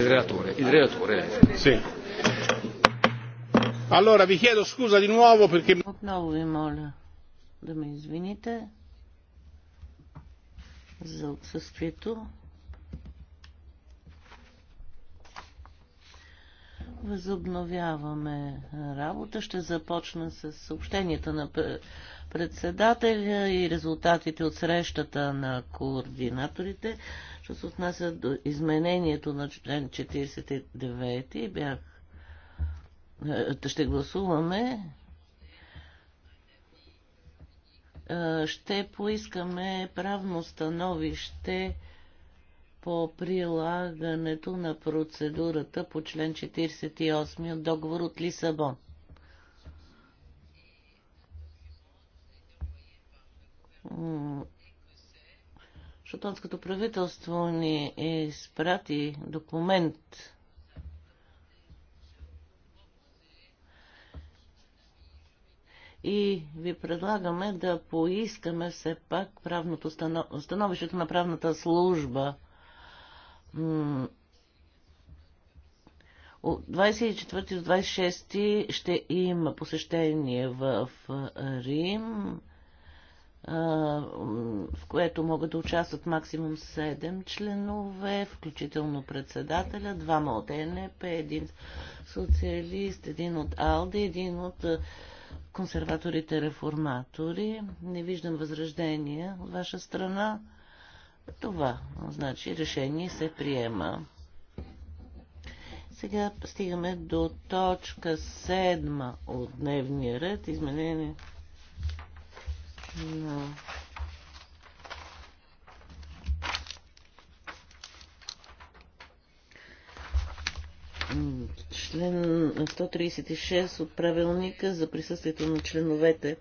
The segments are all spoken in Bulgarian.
Il relatore, il relatore. Sì. Allora vi chiedo scusa di nuovo perché... Отново ви моля да ме извините за отсъствието. Възобновяваме работа. Ще започна с съобщенията на председателя и резултатите от срещата на координаторите. Що се отнася до изменението на член 49, бях... Е, ще гласуваме. Е, ще поискаме правно становище по прилагането на процедурата по член 48 от договор от Лисабон. Шотландското правителство ни изпрати документ и ви предлагаме да поискаме все пак правното станов... становището на правната служба. 24-26 ще има посещение в Рим в което могат да участват максимум 7 членове, включително председателя, двама от ЕНП, един социалист, един от Алди, един от консерваторите реформатори. Не виждам възраждения от ваша страна. Това значи решение се приема. Сега стигаме до точка 7 от дневния ред. Изменение на член 136 от правилника за присъствието на членовете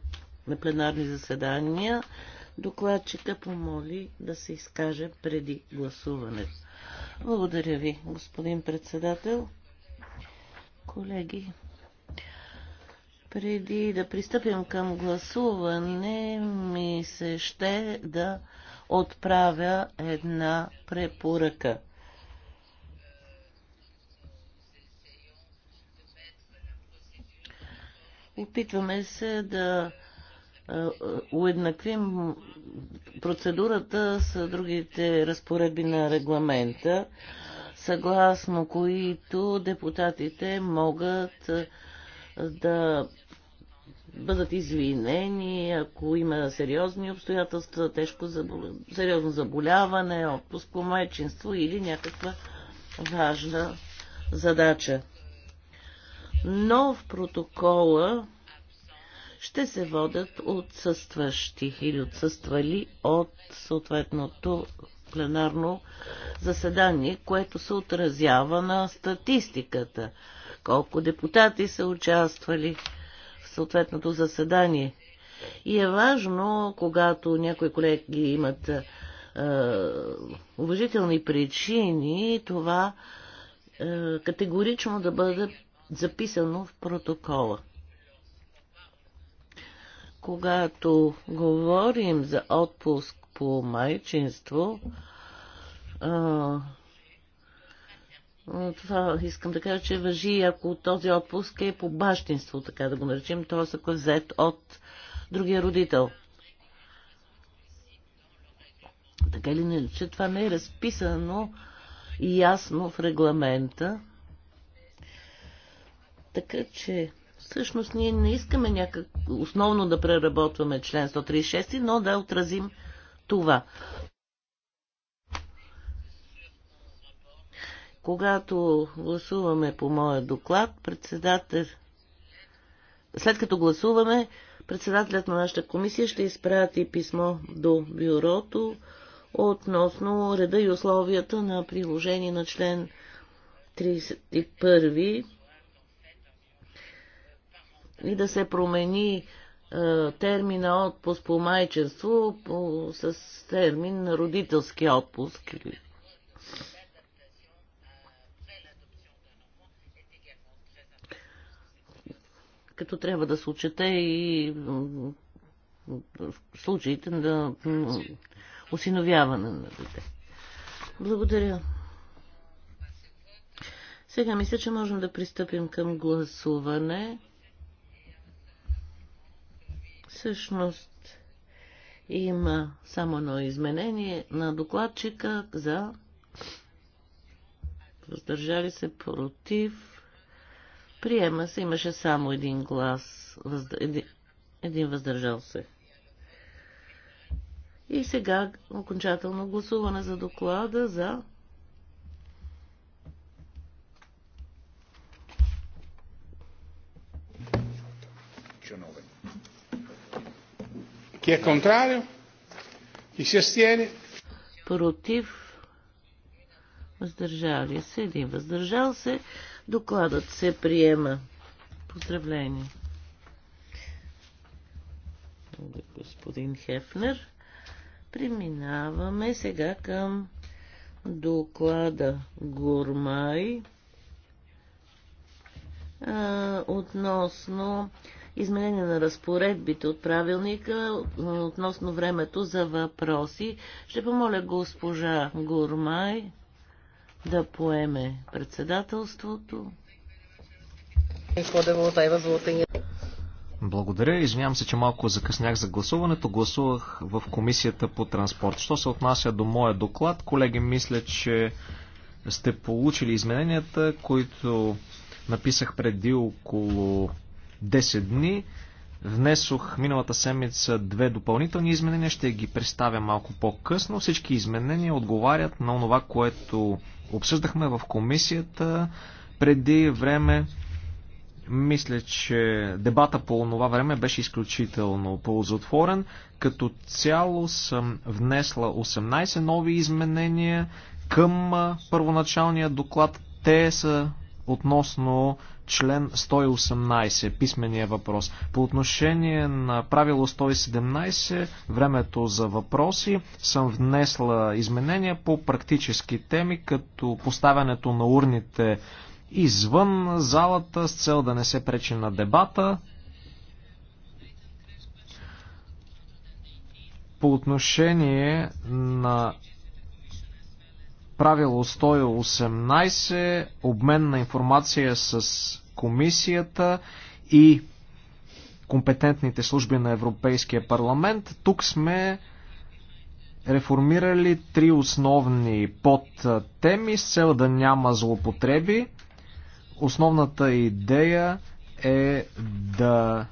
на пленарни заседания, докладчика помоли да се изкаже преди гласуването. Благодаря ви, господин председател. Колеги, преди да пристъпим към гласуване, ми се ще да отправя една препоръка. Опитваме се да е, е, уеднаквим процедурата с другите разпоредби на регламента, съгласно които депутатите могат е, да бъдат извинени, ако има сериозни обстоятелства, тежко забол... сериозно заболяване, отпуск по майчинство или някаква важна задача. Но в протокола ще се водят отсъстващи или отсъствали от съответното пленарно заседание, което се отразява на статистиката – колко депутати са участвали в съответното заседание. И е важно, когато някои колеги имат е, уважителни причини, това е, категорично да бъде записано в протокола. Когато говорим за отпуск по майчинство, е, това искам да кажа, че въжи, ако този отпуск е по бащинство, така да го наречем, т.е. ако е взет от другия родител. Така или не, че това не е разписано и ясно в регламента. Така че, всъщност, ние не искаме някак основно да преработваме член 136, но да отразим това. Когато гласуваме по моя доклад, председател... след като гласуваме, председателят на нашата комисия ще изпрати писмо до бюрото относно реда и условията на приложение на член 31 и да се промени термина отпуск по майчество по, с термин родителски отпуск или като трябва да се отчете и случаите на осиновяване на дете. Благодаря. Сега мисля, че можем да пристъпим към гласуване. Всъщност има само едно изменение на докладчика за въздържали се против Приема се, имаше само един глас, един, един въздържал се. И сега окончателно гласуване за доклада за Chi è contrario? Chi si astiene? Против. Въздържали се. Един въздържал се. Докладът се приема. Поздравление. Господин Хефнер. Преминаваме сега към доклада Гурмай а, относно изменение на разпоредбите от правилника относно времето за въпроси. Ще помоля госпожа Гурмай да поеме председателството. Благодаря. Извинявам се, че малко закъснях за гласуването. Гласувах в комисията по транспорт. Що се отнася до моя доклад, колеги, мисля, че сте получили измененията, които написах преди около 10 дни. Внесох миналата седмица две допълнителни изменения, ще ги представя малко по-късно. Всички изменения отговарят на това, което обсъждахме в комисията преди време. Мисля, че дебата по това време беше изключително ползотворен. Като цяло съм внесла 18 нови изменения към първоначалния доклад. Те са относно член 118, писмения въпрос. По отношение на правило 117, времето за въпроси, съм внесла изменения по практически теми, като поставянето на урните извън залата с цел да не се пречи на дебата. По отношение на правило 118, обмен на информация с комисията и компетентните служби на Европейския парламент. Тук сме реформирали три основни подтеми с цел да няма злоупотреби. Основната идея е да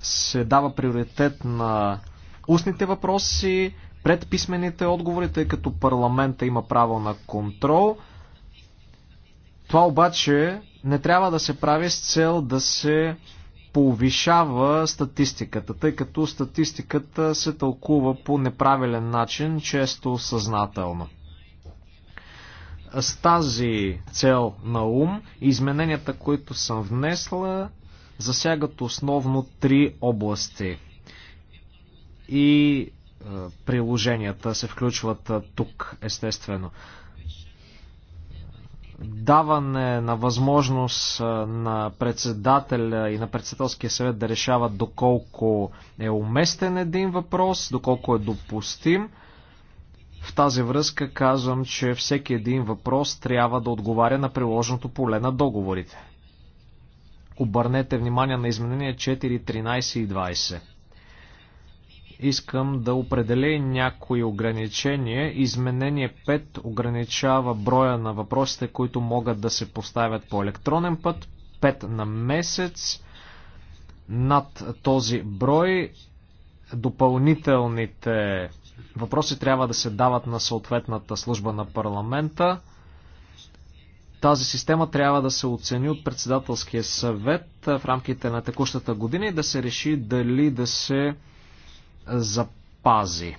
се дава приоритет на устните въпроси, пред писмените отговори, тъй като парламента има право на контрол. Това обаче не трябва да се прави с цел да се повишава статистиката, тъй като статистиката се тълкува по неправилен начин, често съзнателно. С тази цел на ум, измененията, които съм внесла, засягат основно три области. И е, приложенията се включват е, тук, естествено. Даване на възможност е, на председателя и на председателския съвет да решават доколко е уместен един въпрос, доколко е допустим. В тази връзка казвам, че всеки един въпрос трябва да отговаря на приложеното поле на договорите. Обърнете внимание на изменения 4, 13 и 20 искам да определя някои ограничения. Изменение 5 ограничава броя на въпросите, които могат да се поставят по електронен път. 5 на месец. Над този брой допълнителните въпроси трябва да се дават на съответната служба на парламента. Тази система трябва да се оцени от председателския съвет в рамките на текущата година и да се реши дали да се запази. Е,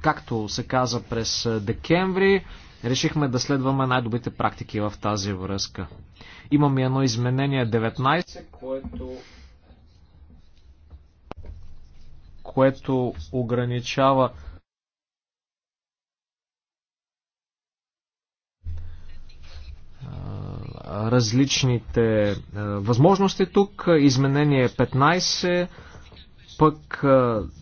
както се каза през декември, решихме да следваме най-добрите практики в тази връзка. Имаме едно изменение 19, което което ограничава различните е, възможности тук. Изменение 15 пък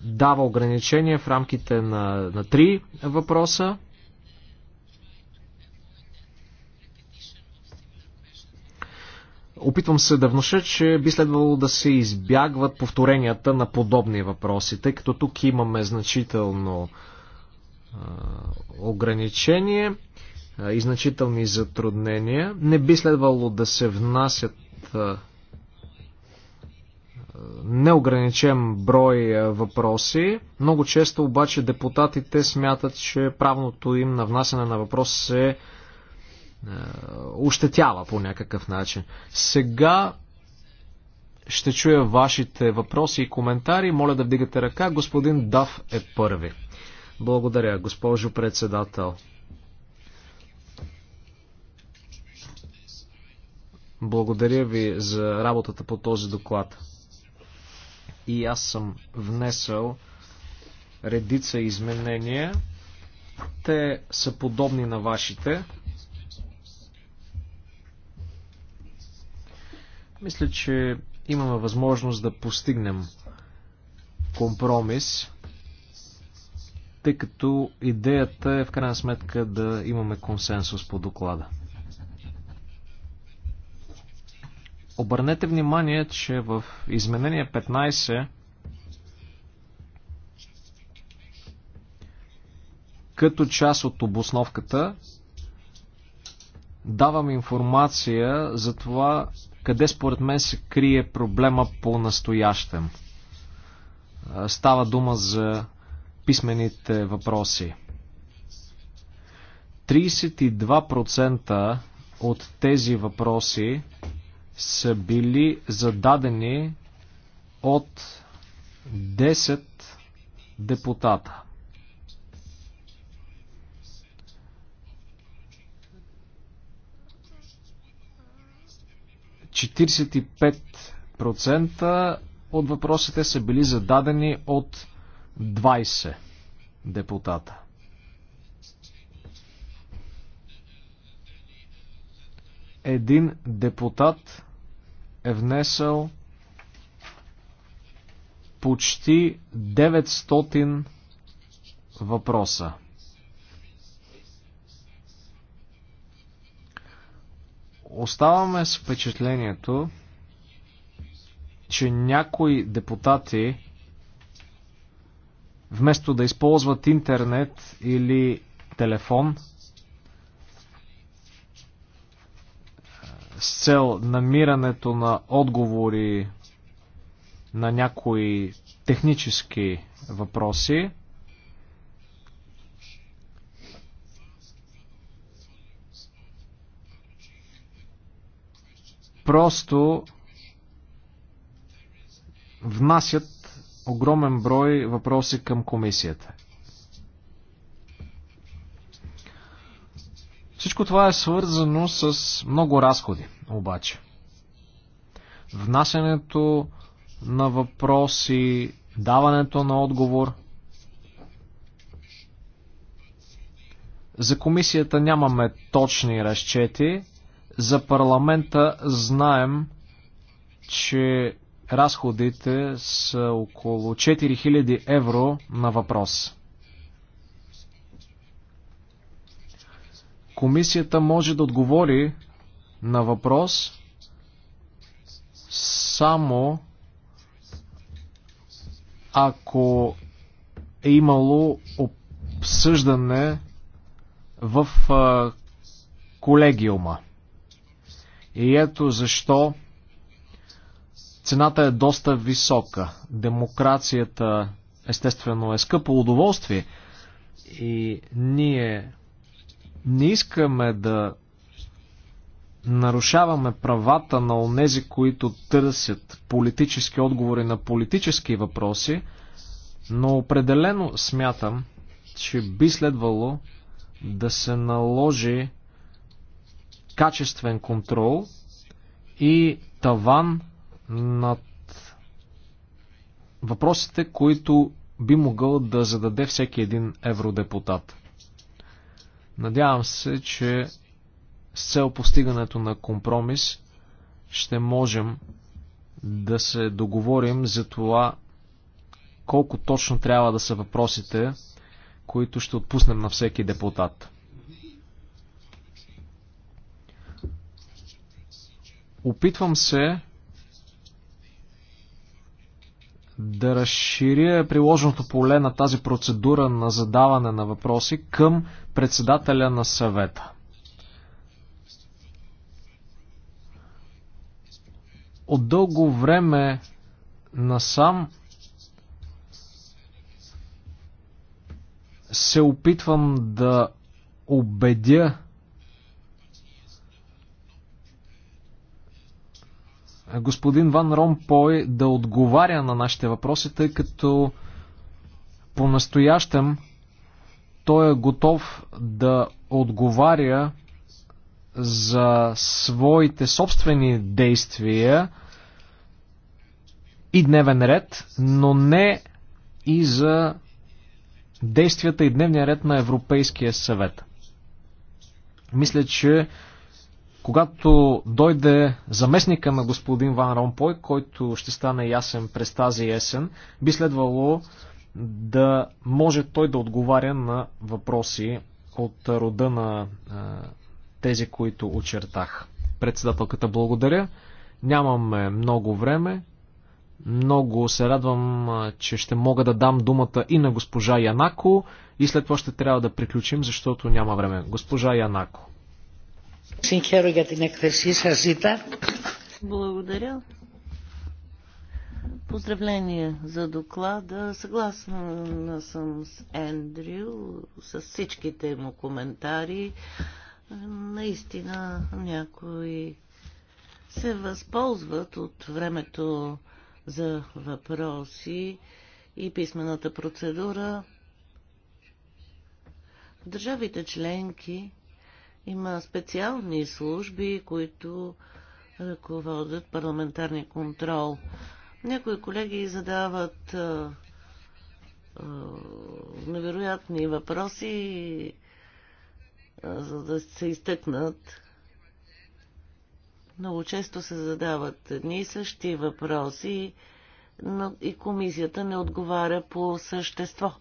дава ограничения в рамките на, на три въпроса. Опитвам се да внуша, че би следвало да се избягват повторенията на подобни въпроси, тъй като тук имаме значително ограничение и значителни затруднения. Не би следвало да се внасят неограничен брой е, въпроси. Много често обаче депутатите смятат, че правното им на внасяне на въпрос се е, ощетява по някакъв начин. Сега ще чуя вашите въпроси и коментари. Моля да вдигате ръка. Господин Дав е първи. Благодаря, госпожо председател. Благодаря ви за работата по този доклад и аз съм внесъл редица изменения. Те са подобни на вашите. Мисля, че имаме възможност да постигнем компромис, тъй като идеята е в крайна сметка да имаме консенсус по доклада. Обърнете внимание, че в изменение 15 като част от обосновката давам информация за това къде според мен се крие проблема по настоящем. Става дума за писмените въпроси. 32% от тези въпроси са били зададени от 10 депутата. Четиридесет процента от въпросите са били зададени от 20 депутата. Един депутат е внесъл почти 900 въпроса. Оставаме с впечатлението, че някои депутати, вместо да използват интернет или телефон, с цел намирането на отговори на някои технически въпроси. Просто внасят огромен брой въпроси към комисията. Всичко това е свързано с много разходи, обаче. Внасянето на въпроси, даването на отговор. За комисията нямаме точни разчети. За парламента знаем, че разходите са около 4000 евро на въпрос. Комисията може да отговори на въпрос само ако е имало обсъждане в а, колегиума. И ето защо цената е доста висока. Демокрацията естествено е скъпо удоволствие и ние не искаме да нарушаваме правата на онези, които търсят политически отговори на политически въпроси, но определено смятам, че би следвало да се наложи качествен контрол и таван над въпросите, които би могъл да зададе всеки един евродепутат. Надявам се, че с цел постигането на компромис ще можем да се договорим за това колко точно трябва да са въпросите, които ще отпуснем на всеки депутат. Опитвам се да разширя приложеното поле на тази процедура на задаване на въпроси към председателя на съвета. От дълго време насам се опитвам да убедя господин Ван Ромпой да отговаря на нашите въпроси, тъй като по-настоящем той е готов да отговаря за своите собствени действия и дневен ред, но не и за действията и дневния ред на Европейския съвет. Мисля, че когато дойде заместника на господин Ван Ромпой, който ще стане ясен през тази есен, би следвало да може той да отговаря на въпроси от рода на тези, които очертах. Председателката благодаря. Нямаме много време. Много се радвам, че ще мога да дам думата и на госпожа Янако и след това ще трябва да приключим, защото няма време. Госпожа Янако. Συγχαίρω για την εκθεσή Ζήτα. Благодаря. Поздравление за доклада. Съгласна съм с Ендрю, с всичките му коментари. Наистина някои се възползват от времето за въпроси и писмената процедура. Държавите членки има специални служби, които ръководят парламентарния контрол. Някои колеги задават а, а, невероятни въпроси, а, за да се изтъкнат. Много често се задават едни и същи въпроси, но и комисията не отговаря по същество.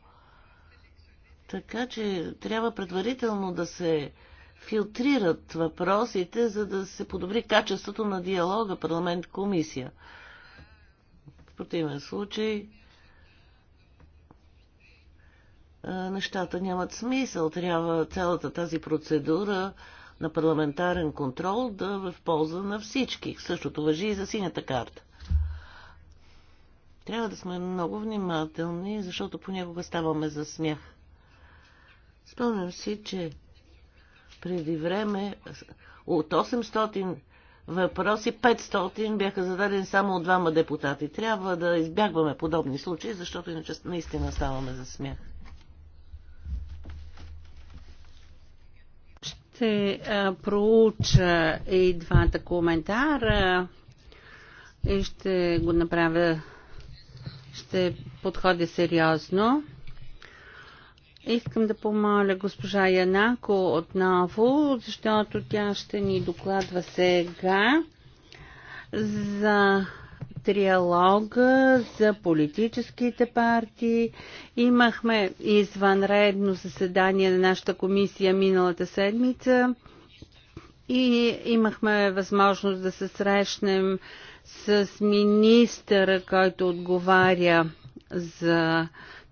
Така че трябва предварително да се филтрират въпросите, за да се подобри качеството на диалога парламент-комисия. В противен случай нещата нямат смисъл. Трябва цялата тази процедура на парламентарен контрол да е в полза на всички. Същото въжи и за синята карта. Трябва да сме много внимателни, защото понякога ставаме за смях. Спомням си, че преди време от 800 въпроси 500 бяха зададени само от двама депутати. Трябва да избягваме подобни случаи, защото иначе наистина ставаме за смях. Ще а, проуча и двата коментара и ще го направя. Ще подходя сериозно. Искам да помоля госпожа Янако отново, защото тя ще ни докладва сега за триалога за политическите партии. Имахме извънредно заседание на нашата комисия миналата седмица и имахме възможност да се срещнем с министъра, който отговаря за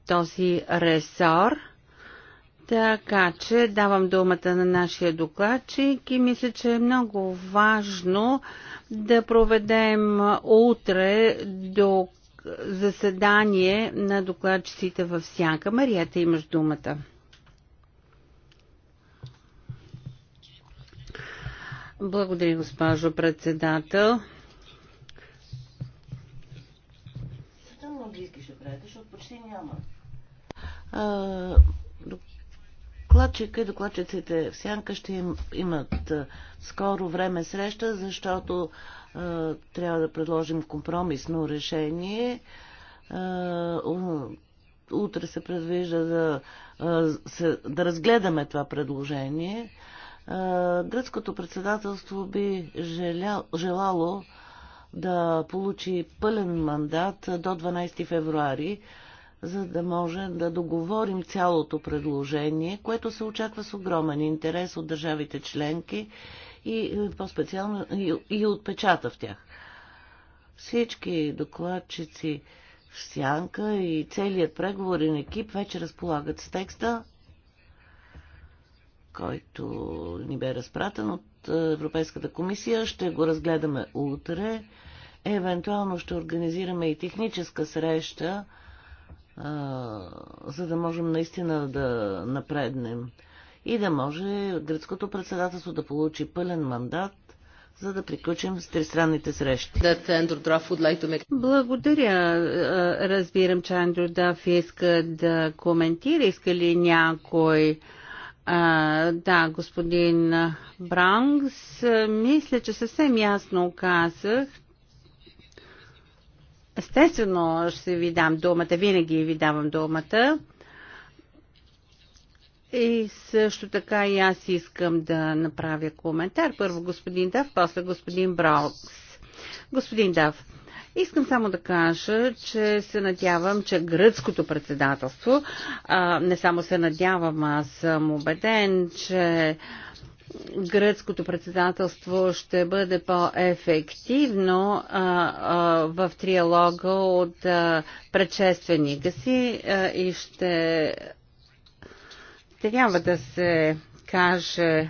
този ресор – така че давам думата на нашия докладчик и мисля, че е много важно да проведем утре до заседание на докладчиците в Сянка. Марията, имаш думата. Благодаря, госпожо председател. Съвсем английски ще правите, защото почти няма. Докладчика и докладчиците в Сянка ще им, имат скоро време среща, защото а, трябва да предложим компромисно решение. Е, утре се предвижда да, а, се, да разгледаме това предложение. А, гръцкото председателство би желя, желало да получи пълен мандат до 12 февруари за да можем да договорим цялото предложение, което се очаква с огромен интерес от държавите членки и е, по-специално и, и от печата в тях. Всички докладчици в Сянка и целият преговорен екип вече разполагат с текста, който ни бе разпратен от Европейската комисия. Ще го разгледаме утре. Евентуално ще организираме и техническа среща за да можем наистина да напреднем и да може гръцкото председателство да получи пълен мандат за да приключим с тристранните срещи. Благодаря. Разбирам, че Андрю Даф иска да коментира. Иска ли някой? да, господин Бранкс, мисля, че съвсем ясно казах, Естествено ще ви дам думата, винаги ви давам думата. И също така и аз искам да направя коментар. Първо господин Дав, после господин Браукс. Господин Дав, Искам само да кажа, че се надявам, че гръцкото председателство, а, не само се надявам, аз съм убеден, че гръцкото председателство ще бъде по-ефективно в триалога от а, предшественика си а, и ще трябва да се каже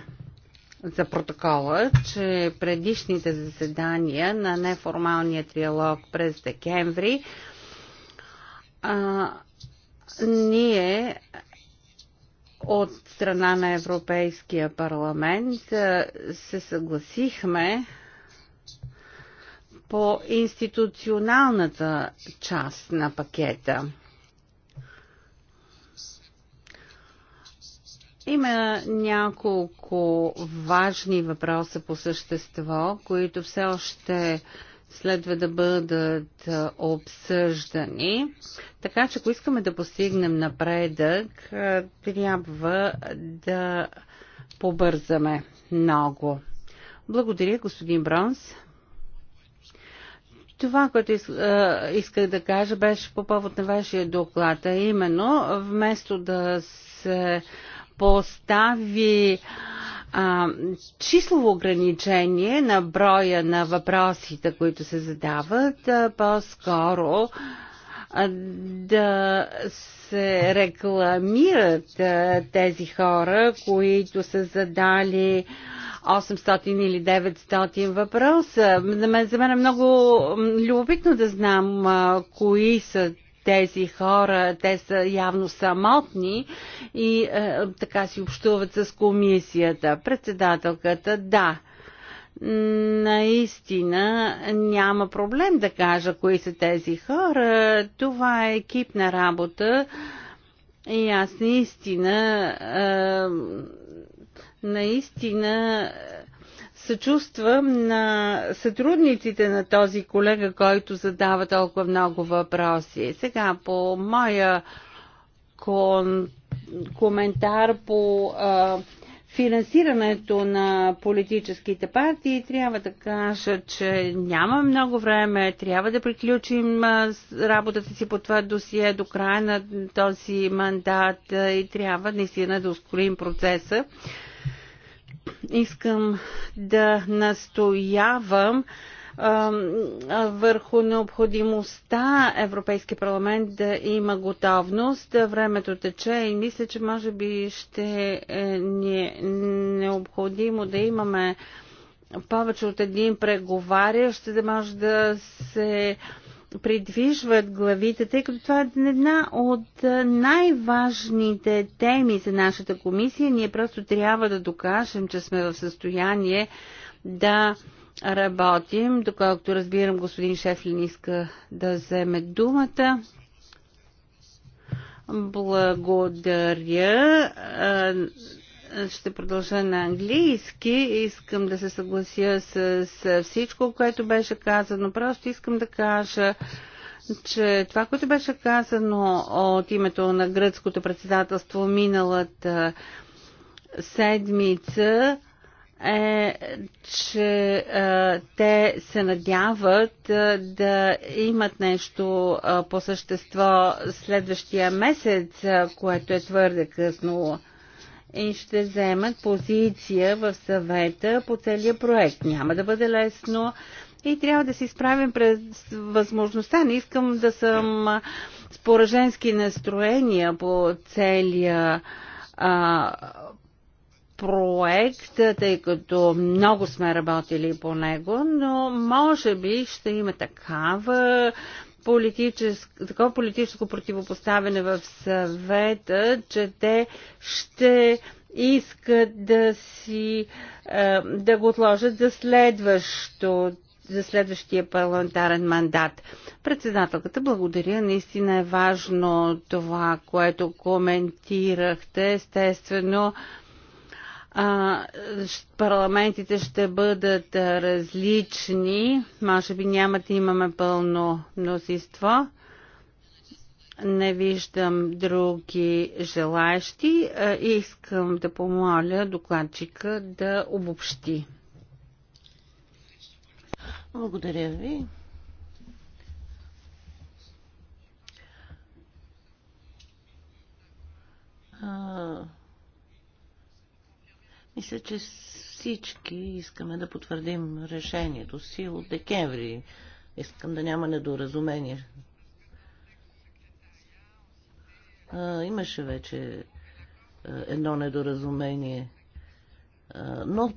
за протокола, че предишните заседания на неформалния триалог през декември а, ние от страна на Европейския парламент се съгласихме по институционалната част на пакета. Има няколко важни въпроса по същество, които все още следва да бъдат обсъждани. Така че ако искаме да постигнем напредък, трябва да побързаме много. Благодаря, господин Бронс. Това, което исках да кажа, беше по повод на вашия доклад, а именно вместо да се постави а, а, числово ограничение на броя на въпросите, които се задават, по-скоро да се рекламират а, тези хора, които са задали 800 или 900 въпроса. За мен е много любопитно да знам а, кои са тези хора. Те са явно самотни и е, така си общуват с комисията. Председателката, да наистина няма проблем да кажа кои са тези хора. Това е екипна работа и аз наистина е, наистина съчувствам на сътрудниците на този колега, който задава толкова много въпроси. Сега по моя кон... коментар по а, финансирането на политическите партии, трябва да кажа, че няма много време, трябва да приключим работата си по това досие до края на този мандат и трябва наистина да ускорим процеса искам да настоявам върху необходимостта Европейски парламент да има готовност. Времето тече и мисля, че може би ще е ни е необходимо да имаме повече от един преговарящ, за да може да се а, придвижват главите, тъй като това е една от най-важните теми за нашата комисия. Ние просто трябва да докажем, че сме в състояние да работим. Доколкото разбирам, господин Шефлин иска да вземе думата. Благодаря ще продължа на английски. Искам да се съглася с, с всичко, което беше казано. Просто искам да кажа, че това, което беше казано от името на гръцкото председателство миналата седмица, е, че е, те се надяват да имат нещо е, по същество следващия месец, което е твърде късно и ще вземат позиция в съвета по целия проект. Няма да бъде лесно и трябва да се изправим през възможността. Не искам да съм с пораженски настроения по целия а, проект, тъй като много сме работили по него, но може би ще има такава политическо, такова политическо противопоставяне в съвета, че те ще искат да си е, да го отложат за следващо за следващия парламентарен мандат. Председателката, благодаря. Наистина е важно това, което коментирахте. Естествено, а, парламентите ще бъдат различни, може би няма да имаме пълно мнозинство. Не виждам други желаящи искам да помоля докладчика да обобщи. Благодаря ви. А мисля, че всички искаме да потвърдим решението си от декември. Искам да няма недоразумение. А, имаше вече едно недоразумение. А, но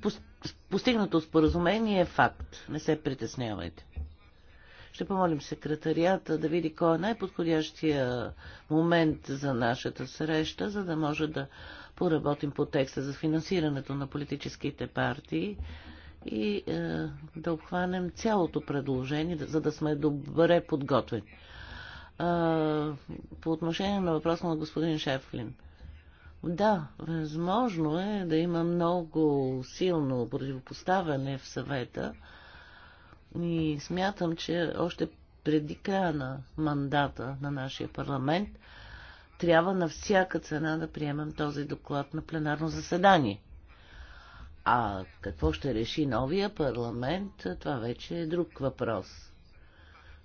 постигнато споразумение е факт. Не се притеснявайте. Ще помолим секретарията да види кой е най-подходящия момент за нашата среща, за да може да поработим по текста за финансирането на политическите партии и е, да обхванем цялото предложение, за да сме добре подготвени. Е, по отношение на въпроса на господин Шефлин. Да, възможно е да има много силно противопоставяне в съвета и смятам, че още преди края на мандата на нашия парламент – трябва на всяка цена да приемем този доклад на пленарно заседание. А какво ще реши новия парламент, това вече е друг въпрос.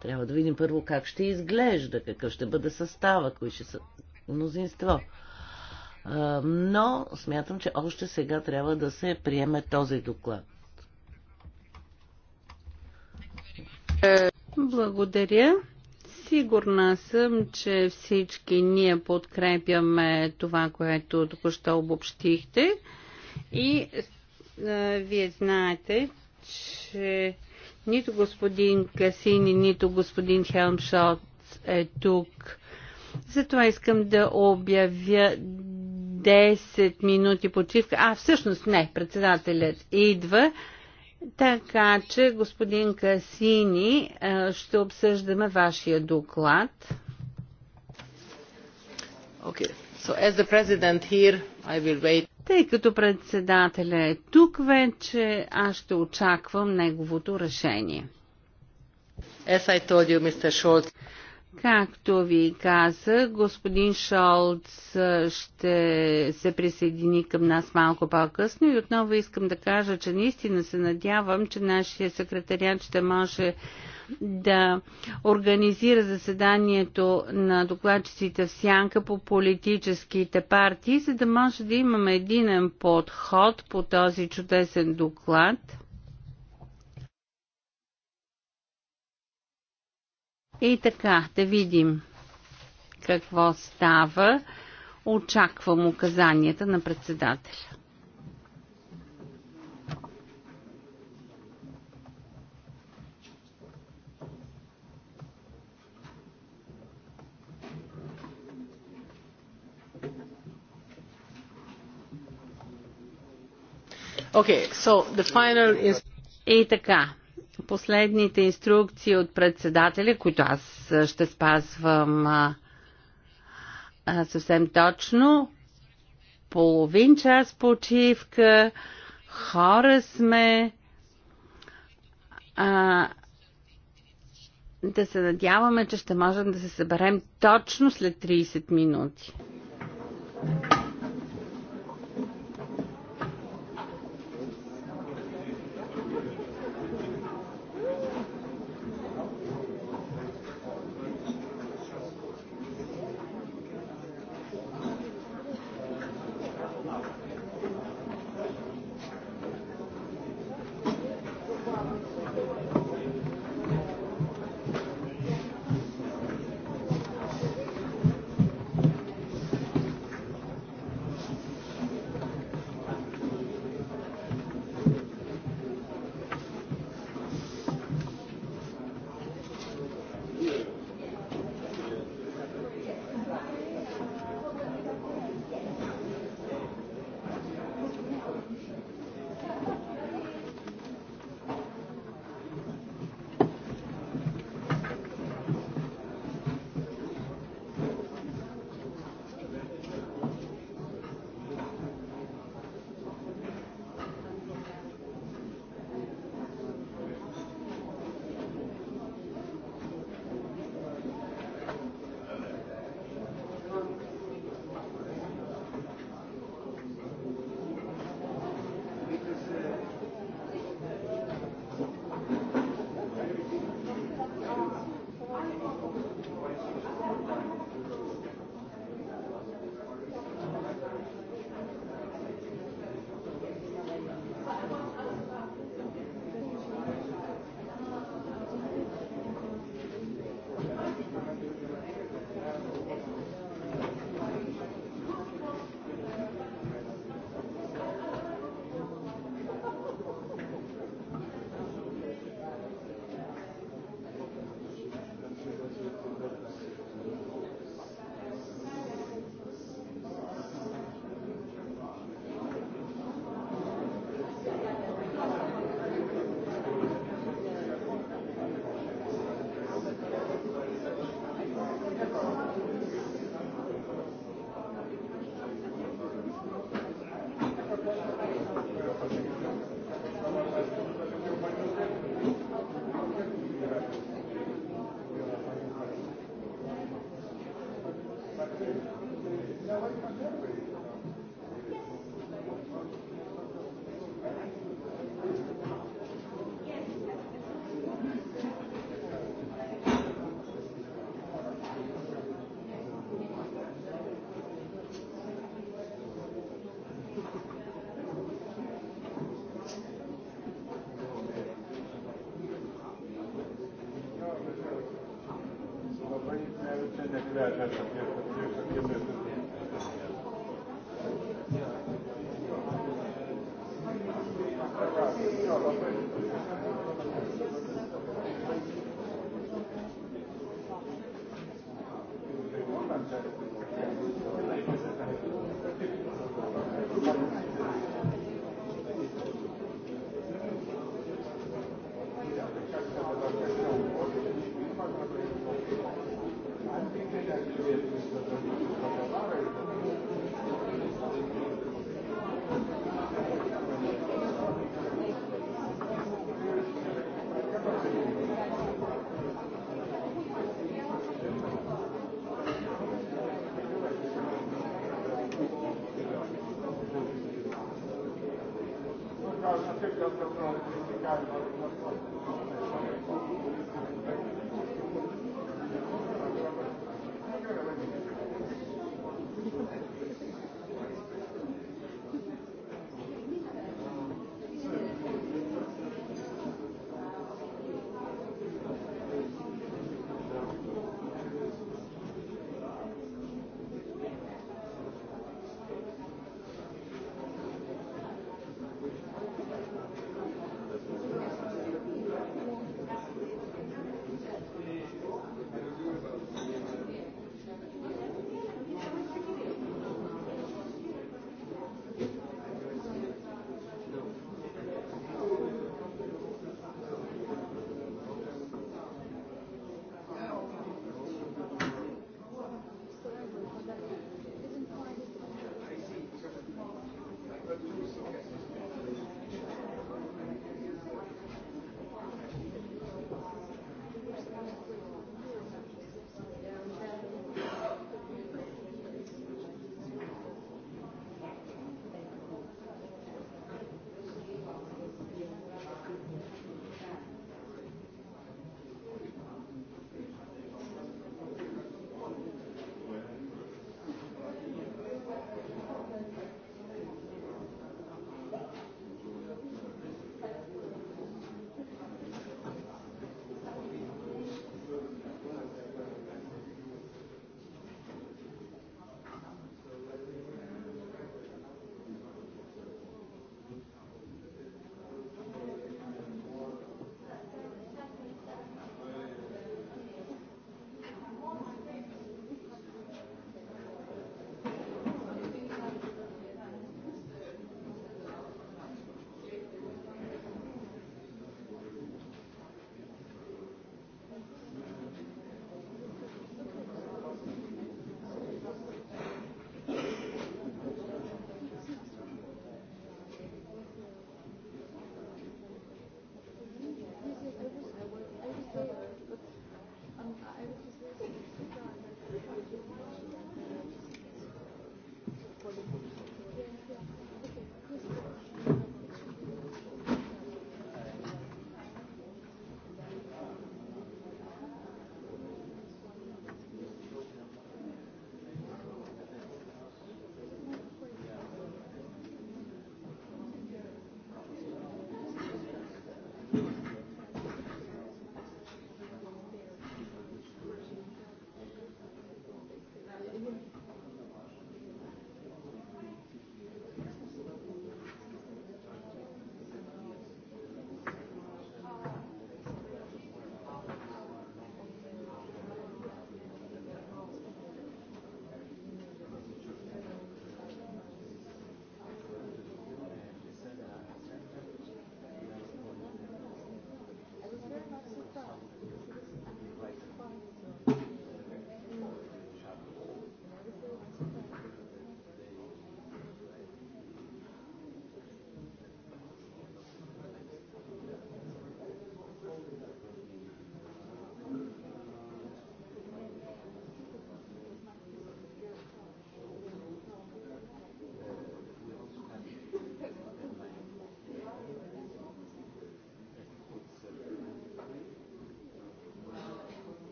Трябва да видим първо как ще изглежда, какъв ще бъде състава, кои ще са мнозинство. Но смятам, че още сега трябва да се приеме този доклад. Благодаря. Сигурна съм, че всички ние подкрепяме това, което току-що обобщихте. И а, вие знаете, че нито господин Касини, нито господин Хелмшот е тук. Затова искам да обявя 10 минути почивка. А, всъщност не, председателят идва. Така че, господин Касини, ще обсъждаме вашия доклад. Okay. So as the president here, I will wait. Тъй като председателя е тук вече, аз ще очаквам неговото решение. As I told you, Mr. Schultz. Както ви каза, господин Шолц ще се присъедини към нас малко по-късно и отново искам да кажа, че наистина се надявам, че нашия секретарят ще може да организира заседанието на докладчиците в сянка по политическите партии, за да може да имаме единен подход по този чудесен доклад И така, да видим какво става. Очаквам указанията на председателя. Okay, so the final is... И така, последните инструкции от председателя, които аз ще спазвам а, а, съвсем точно. Половин час почивка, хора сме. А, да се надяваме, че ще можем да се съберем точно след 30 минути.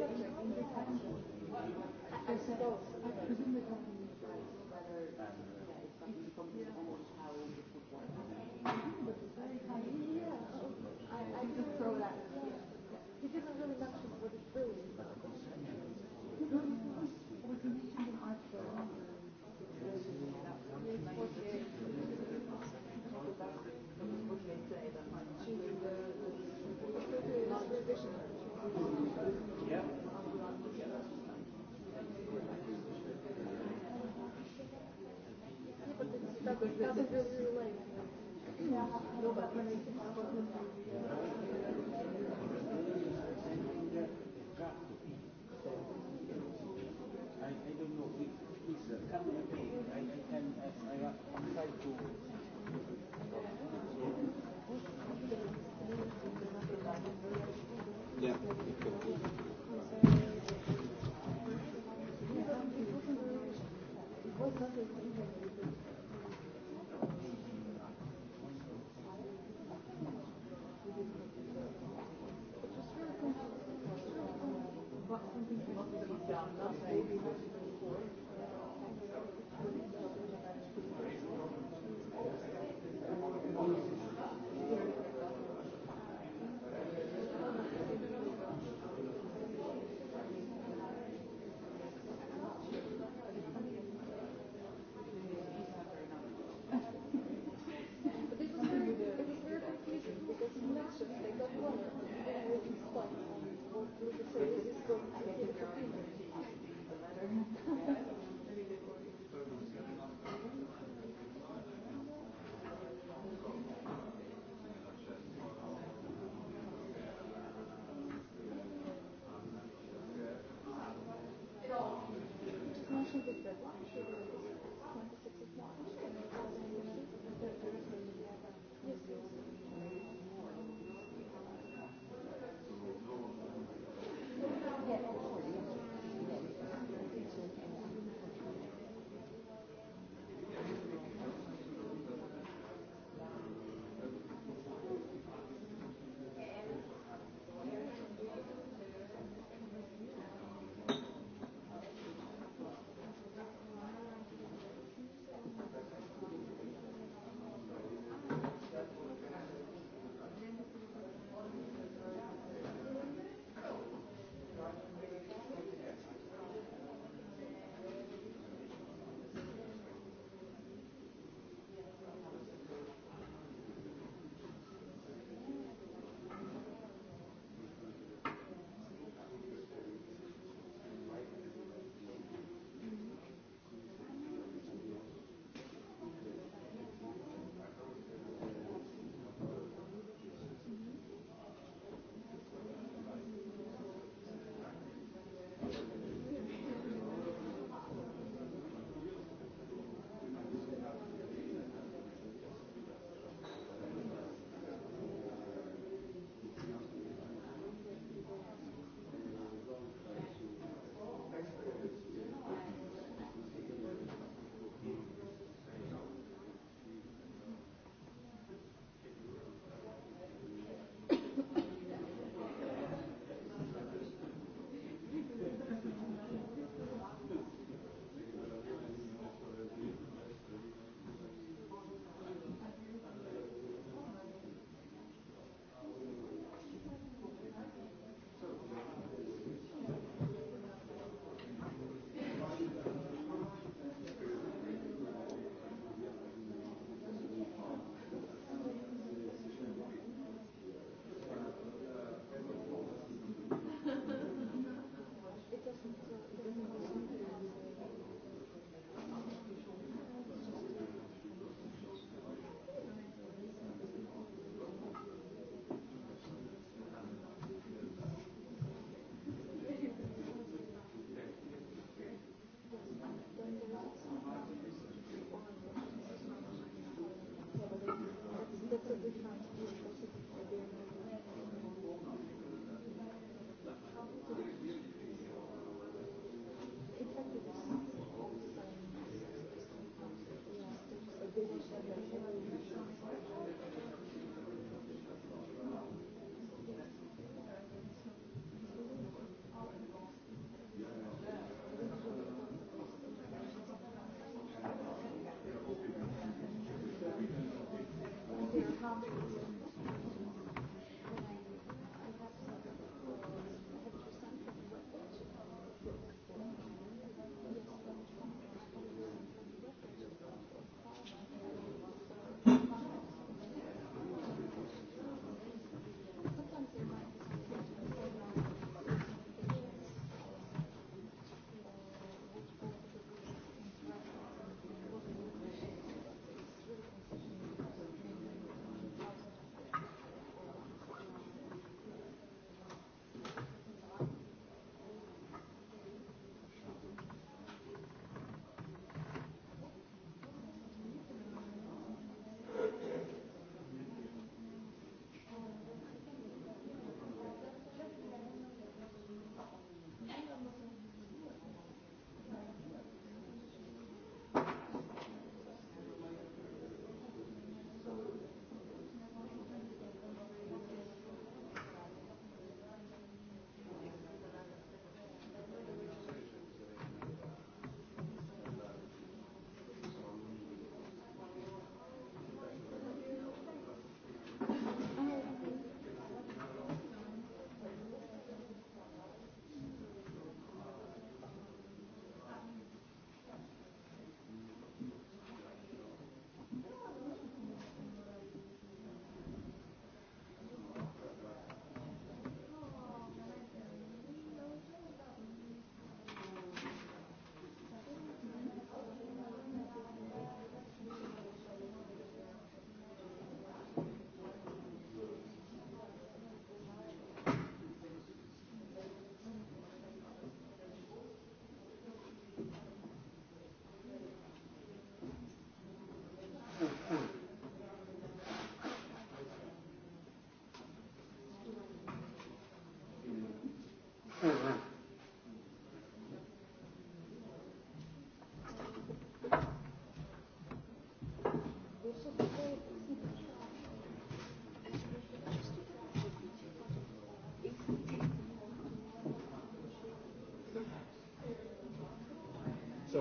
I just throw that. He didn't I, I don't know if it's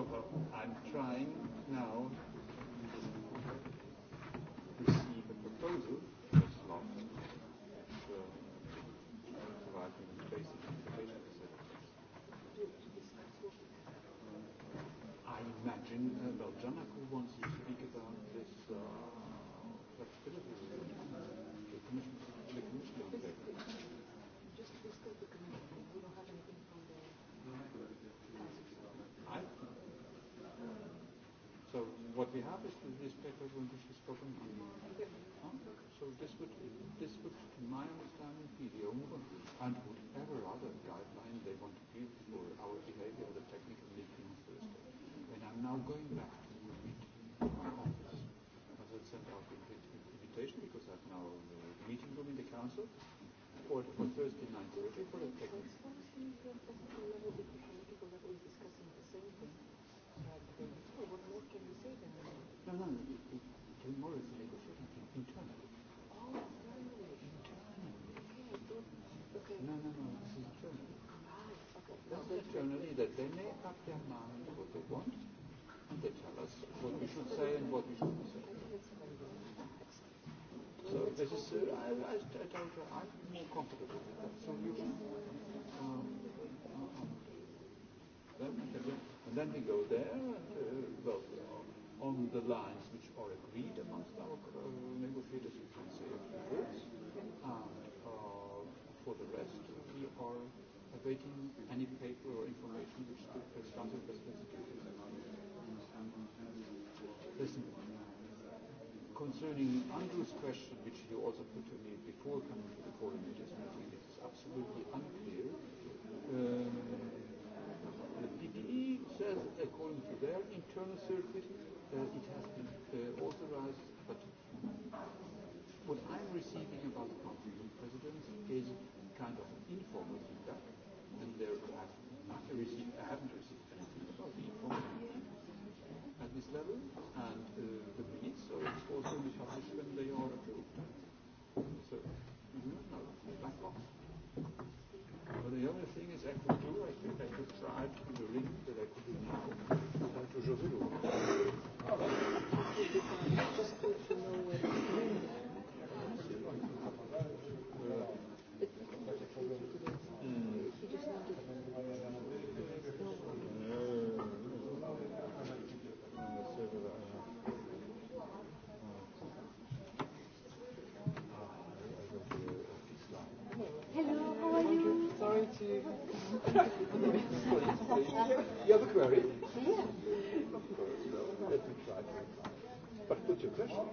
So I'm trying What we have is the newspaper when which is spoken So this would, this would, in my understanding, be the only one. And whatever other guideline they want to give for our behavior at the technical meeting on Thursday. And I'm now going back to the meeting in my office. I will send out the invitation because I have now a meeting room in the council for, for Thursday 9.30 for the technical. meeting. No, no, no. It, it, tomorrow is the negotiating internally. Internally. No, no, no. This is Germany. That's internally that they make up their mind what they want, and they tell us what we should say and what we shouldn't say. So this is. Uh, I, I, I told you I'm more comfortable with that. So you. Um, um, then, and then we go there and uh, vote on the lines which are agreed amongst our uh, negotiators, you can say a few words. And uh, for the rest, we are awaiting any paper or information which the Presidential Listen, concerning Andrew's question, which he also put to me before coming to the coordinators meeting, it is absolutely unclear. Um, the PPE says, according to their internal circuit, uh, it has been uh, authorized, but what I'm receiving about the conference of presidents is kind of an informal feedback, and there I've received, I haven't received anything about the informal feedback at this level, and uh, the minutes are also published when they are approved. So, you do not know, back But the other thing is I could I think I could try to the link that I could do now. You have a query? Yeah. Of course, no. Let me try. But put your question.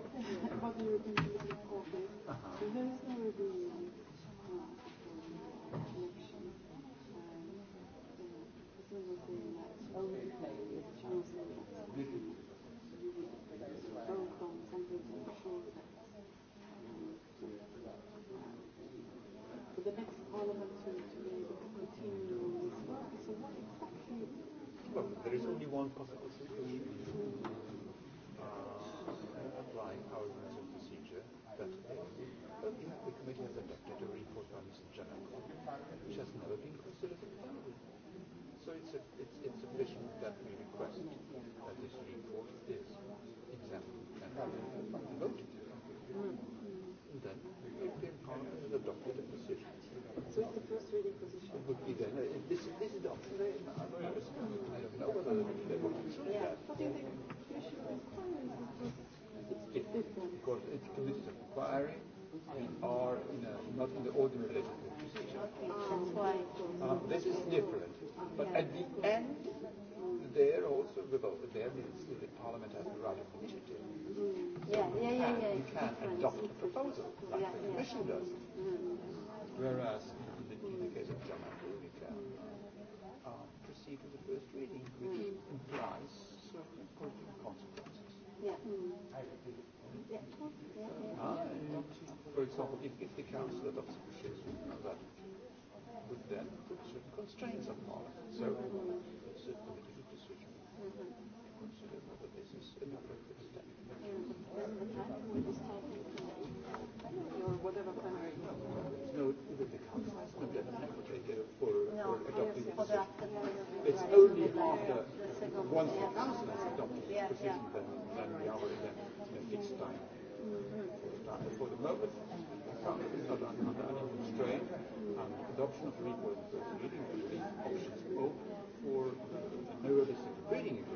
government has the right of initiative. Yeah, yeah, yeah, yeah. You can adopt a proposal, like yeah, the Commission yeah. does. Mm. Whereas in the, in the case of Jamaica, we can uh, proceed with the first reading, which mm. implies certain political consequences. Yeah. Mm. I repeat. Yeah. Uh, for example, if, if the Council adopts a position, that would then put certain constraints on Parliament. So only after once the council has adopted its position then, then we are in a, in a fixed time. For the moment, the council is not under any constraint, and adoption of the report is leading to the options open for a no realistic reading agreement.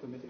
Committee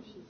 aussi.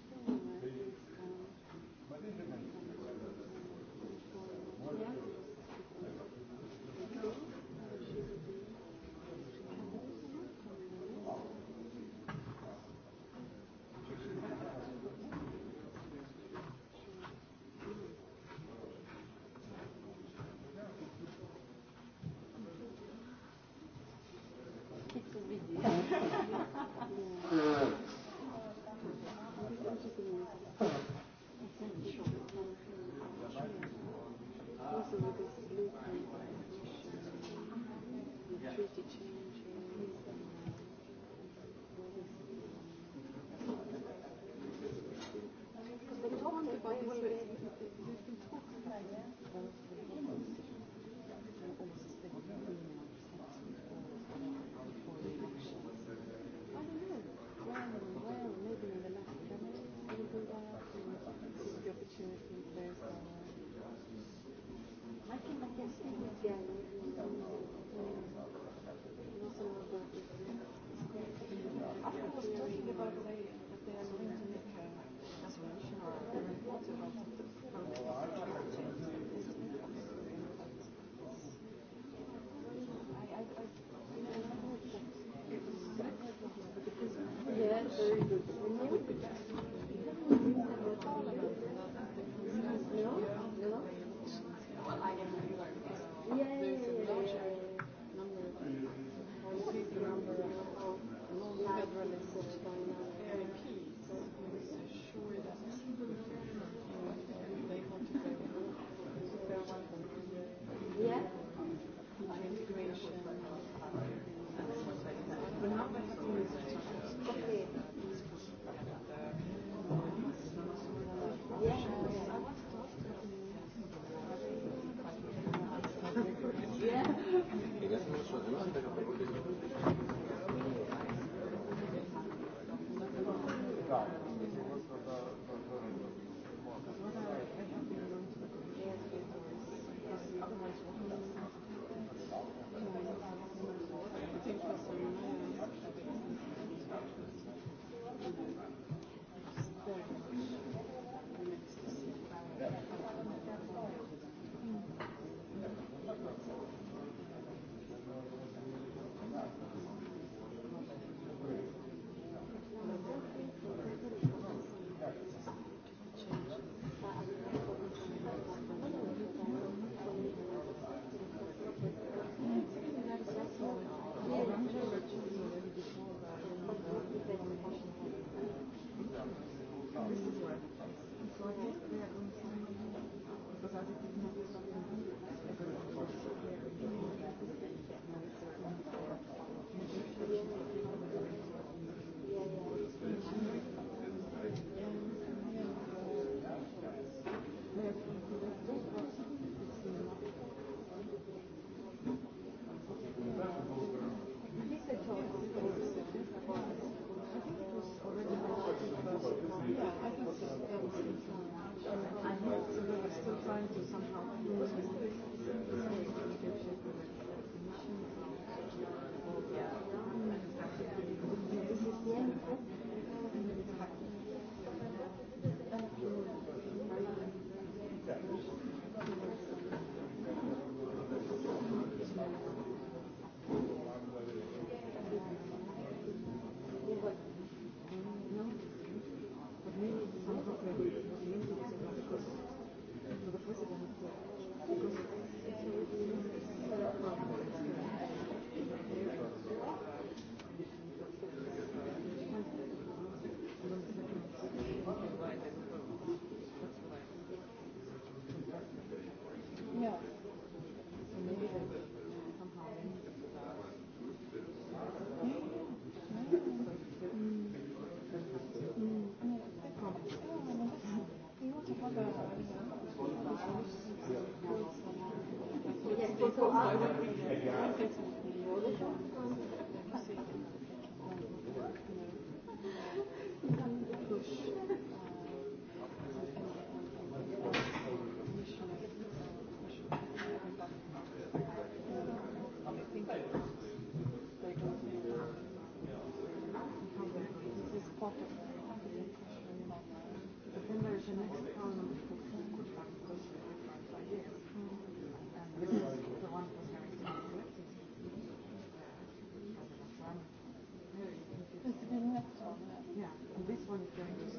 Thank you.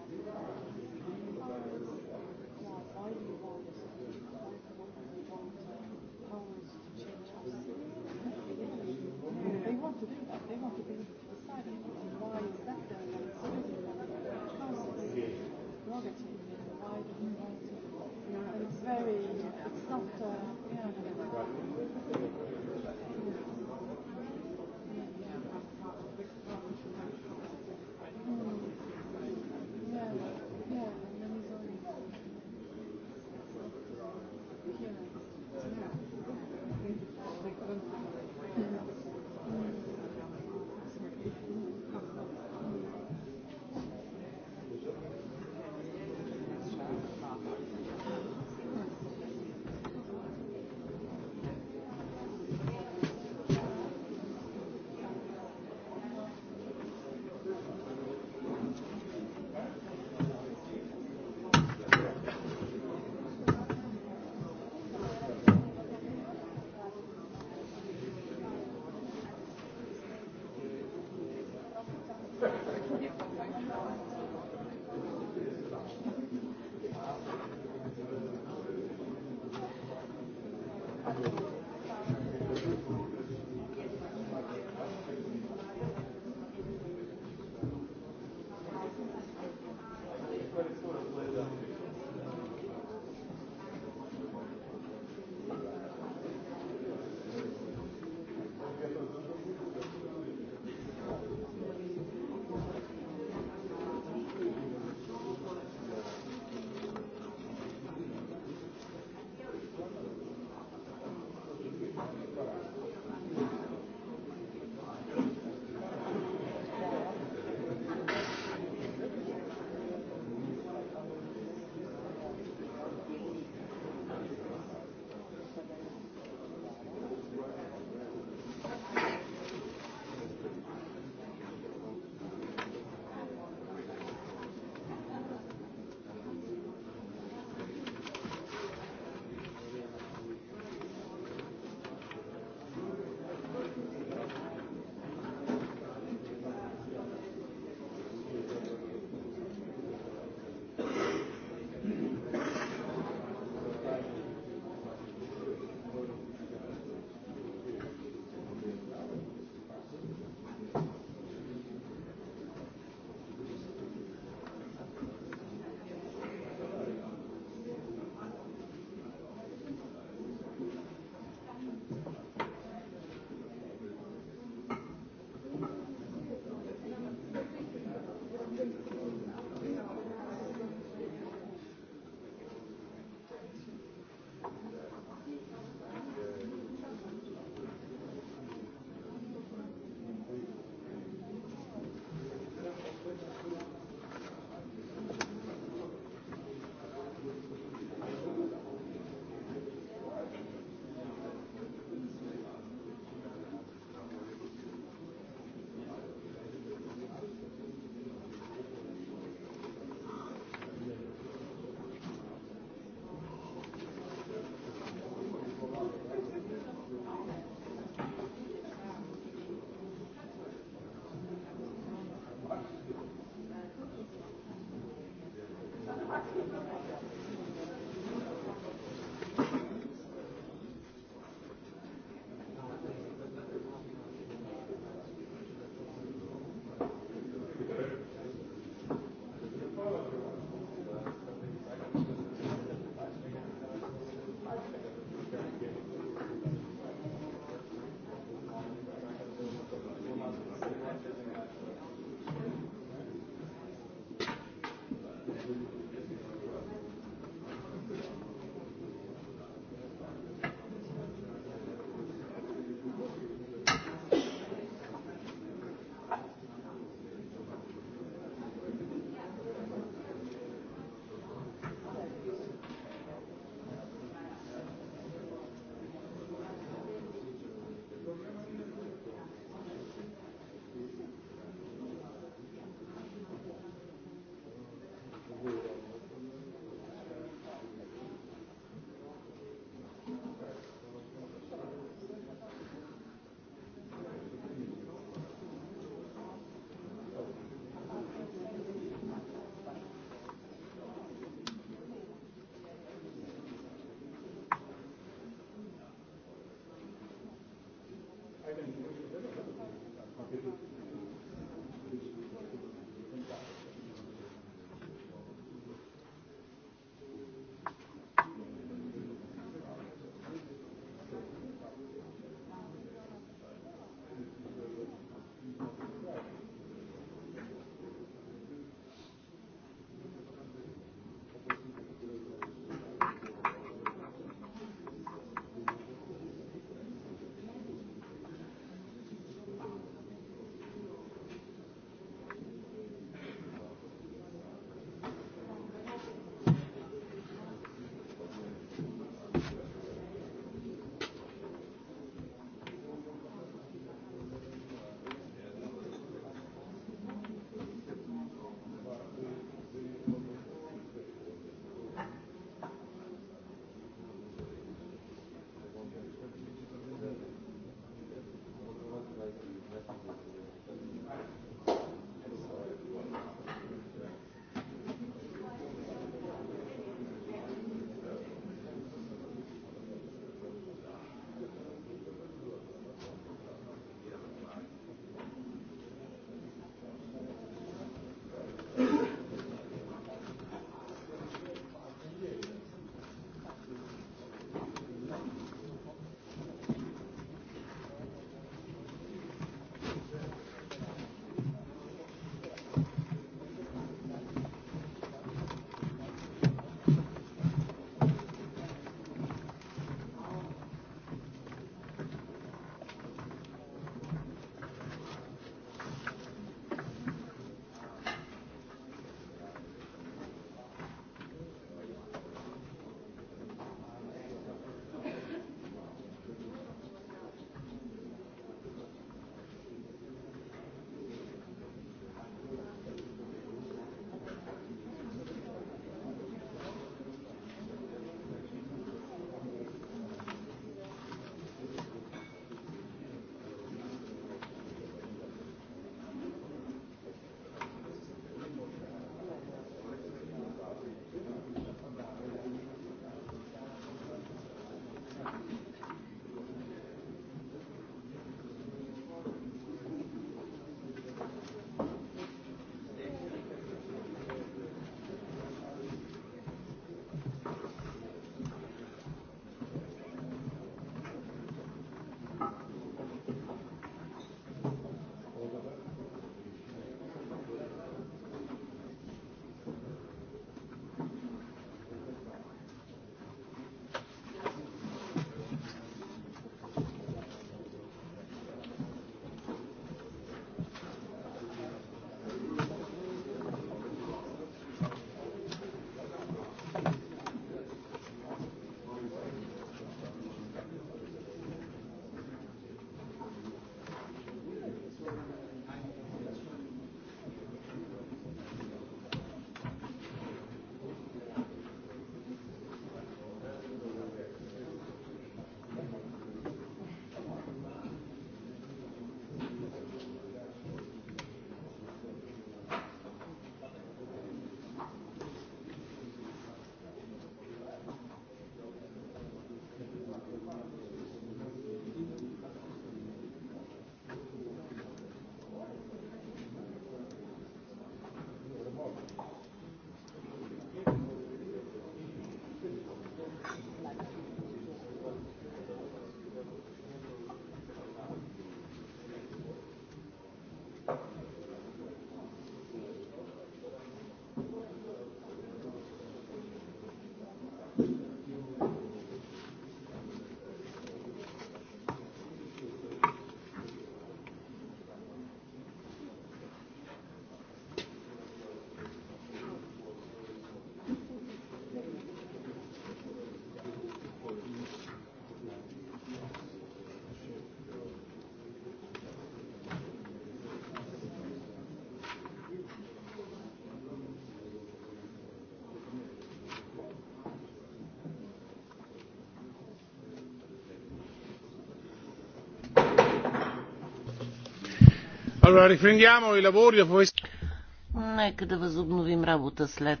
Нека да възобновим работа след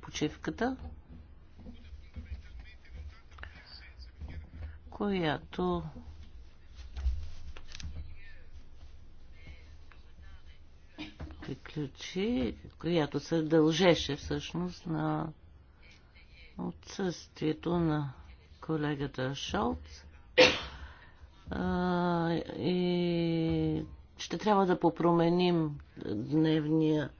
почивката, която приключи, която се дължеше всъщност на отсъствието на колегата Шолц. А, и ще трябва да попроменим дневния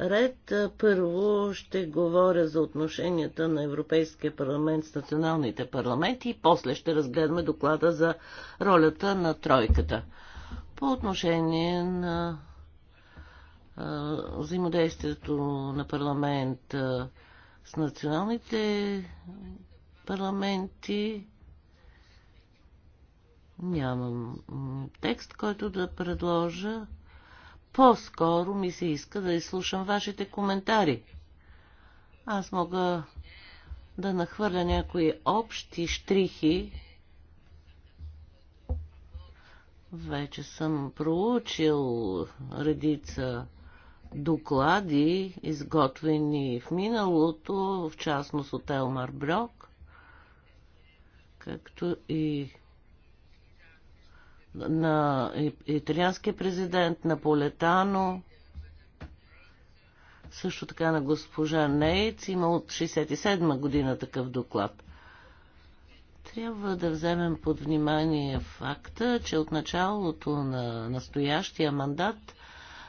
ред. Първо ще говоря за отношенията на Европейския парламент с националните парламенти и после ще разгледаме доклада за ролята на тройката. По отношение на взаимодействието на парламент с националните парламенти, Нямам текст, който да предложа. По-скоро ми се иска да изслушам вашите коментари. Аз мога да нахвърля някои общи штрихи. Вече съм проучил редица доклади, изготвени в миналото, в частност от Елмар Брок, както и на италианския президент, на Полетано, също така на госпожа Нейц. Има от 67 година такъв доклад. Трябва да вземем под внимание факта, че от началото на настоящия мандат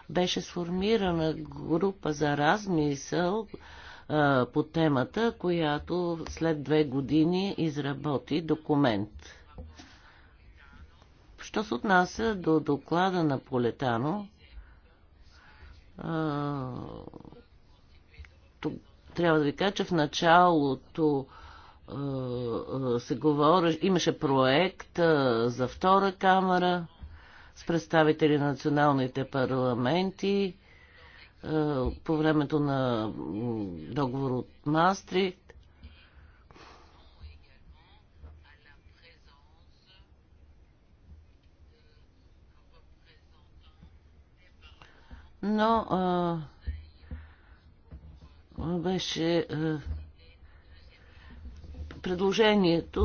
беше сформирана група за размисъл а, по темата, която след две години изработи документ. Що се отнася до доклада на Полетано, трябва да ви кажа, че в началото се говори, имаше проект за втора камера с представители на националните парламенти по времето на договор от Мастрик но а, беше а, предложението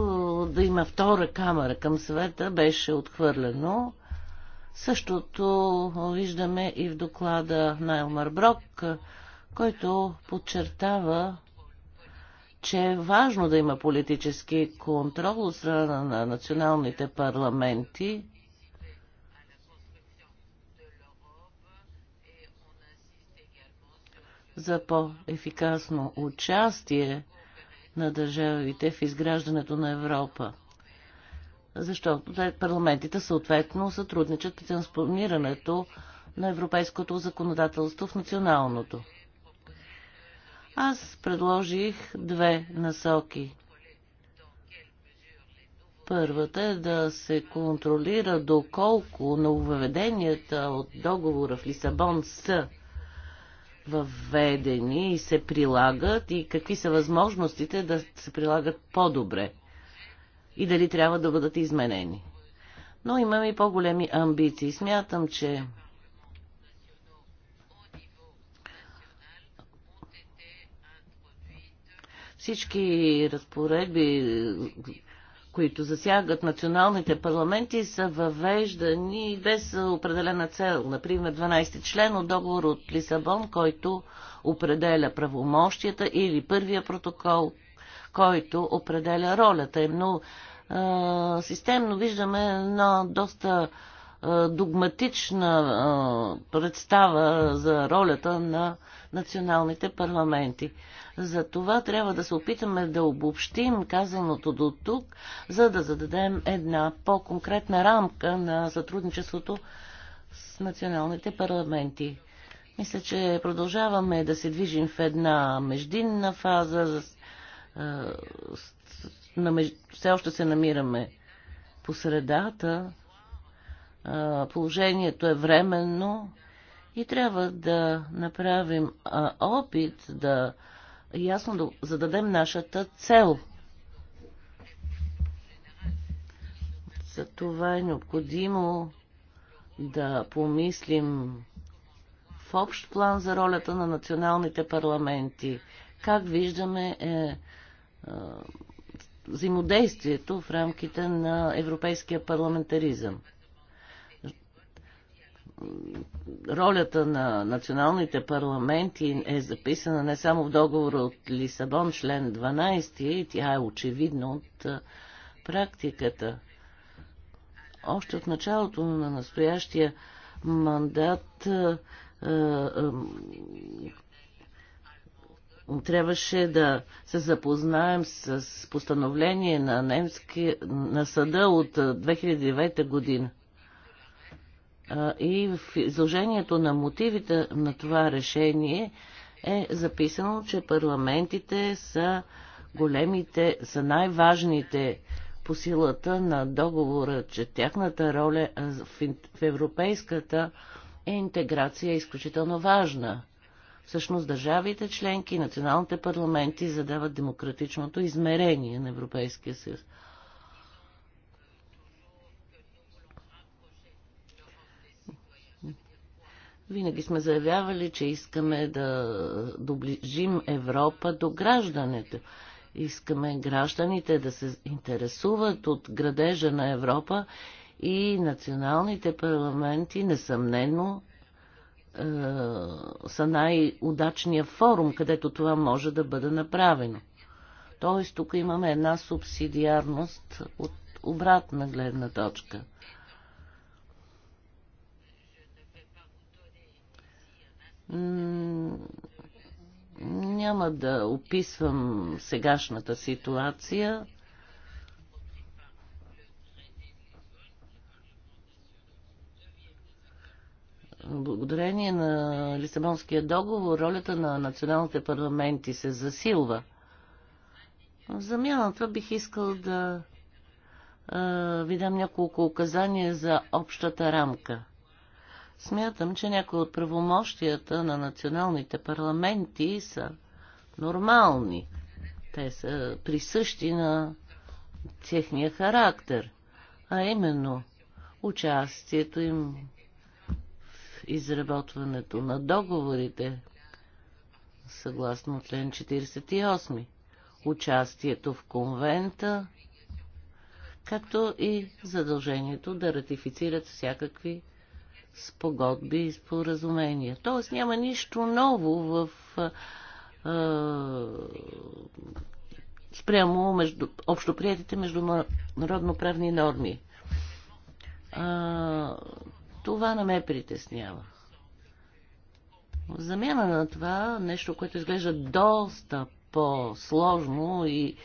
да има втора камера към света беше отхвърлено. Същото виждаме и в доклада на Елмар Брок, който подчертава, че е важно да има политически контрол от страна на националните парламенти за по-ефикасно участие на държавите в изграждането на Европа. Защото парламентите съответно сътрудничат при транспонирането на европейското законодателство в националното. Аз предложих две насоки. Първата е да се контролира доколко нововведенията от договора в Лисабон са въведени и се прилагат и какви са възможностите да се прилагат по-добре и дали трябва да бъдат изменени. Но имам и по-големи амбиции. Смятам, че всички разпоредби, които засягат националните парламенти, са въвеждани без определена цел. Например, 12 член от договор от Лисабон, който определя правомощията или първия протокол, който определя ролята им. Но а, системно виждаме една доста а, догматична а, представа за ролята на а, националните парламенти. За това трябва да се опитаме да обобщим казаното до тук, за да зададем една по-конкретна рамка на сътрудничеството с националните парламенти. Мисля, че продължаваме да се движим в една междинна фаза. Все още се намираме по средата. Положението е временно. И трябва да направим а, опит да ясно да зададем нашата цел. За това е необходимо да помислим в общ план за ролята на националните парламенти. Как виждаме е, е, взаимодействието в рамките на европейския парламентаризъм ролята на националните парламенти е записана не само в договора от Лисабон, член 12, и тя е очевидна от практиката. Още от началото на настоящия мандат трябваше да се запознаем с постановление на немски на съда от 2009 година и в изложението на мотивите на това решение е записано, че парламентите са големите, са най-важните по силата на договора, че тяхната роля в европейската е интеграция е изключително важна. Всъщност държавите членки и националните парламенти задават демократичното измерение на Европейския съюз. Винаги сме заявявали, че искаме да доближим Европа до гражданите. Искаме гражданите да се интересуват от градежа на Европа и националните парламенти, несъмнено, е, са най-удачния форум, където това може да бъде направено. Тоест, тук имаме една субсидиарност от обратна гледна точка – Няма да описвам сегашната ситуация. Благодарение на Лисабонския договор ролята на националните парламенти се засилва. В замяна това бих искал да ви дам няколко указания за общата рамка – Смятам, че някои от правомощията на националните парламенти са нормални. Те са присъщи на техния характер, а именно участието им в изработването на договорите, съгласно член 48, участието в конвента, както и задължението да ратифицират всякакви спогодби и споразумения. Тоест няма нищо ново в спрямо между, общоприятите международно-правни норми. А, това не ме притеснява. В замяна на това, нещо, което изглежда доста по-сложно и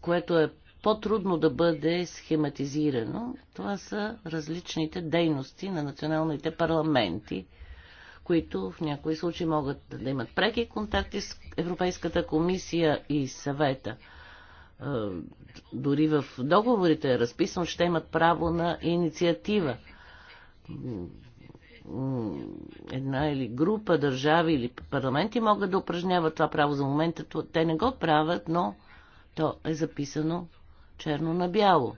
което е по-трудно да бъде схематизирано. Това са различните дейности на националните парламенти, които в някои случаи могат да имат преки контакти с Европейската комисия и съвета. Е, дори в договорите е разписано, че ще имат право на инициатива. Една или група държави или парламенти могат да упражняват това право. За момента те не го правят, но то е записано черно на бяло.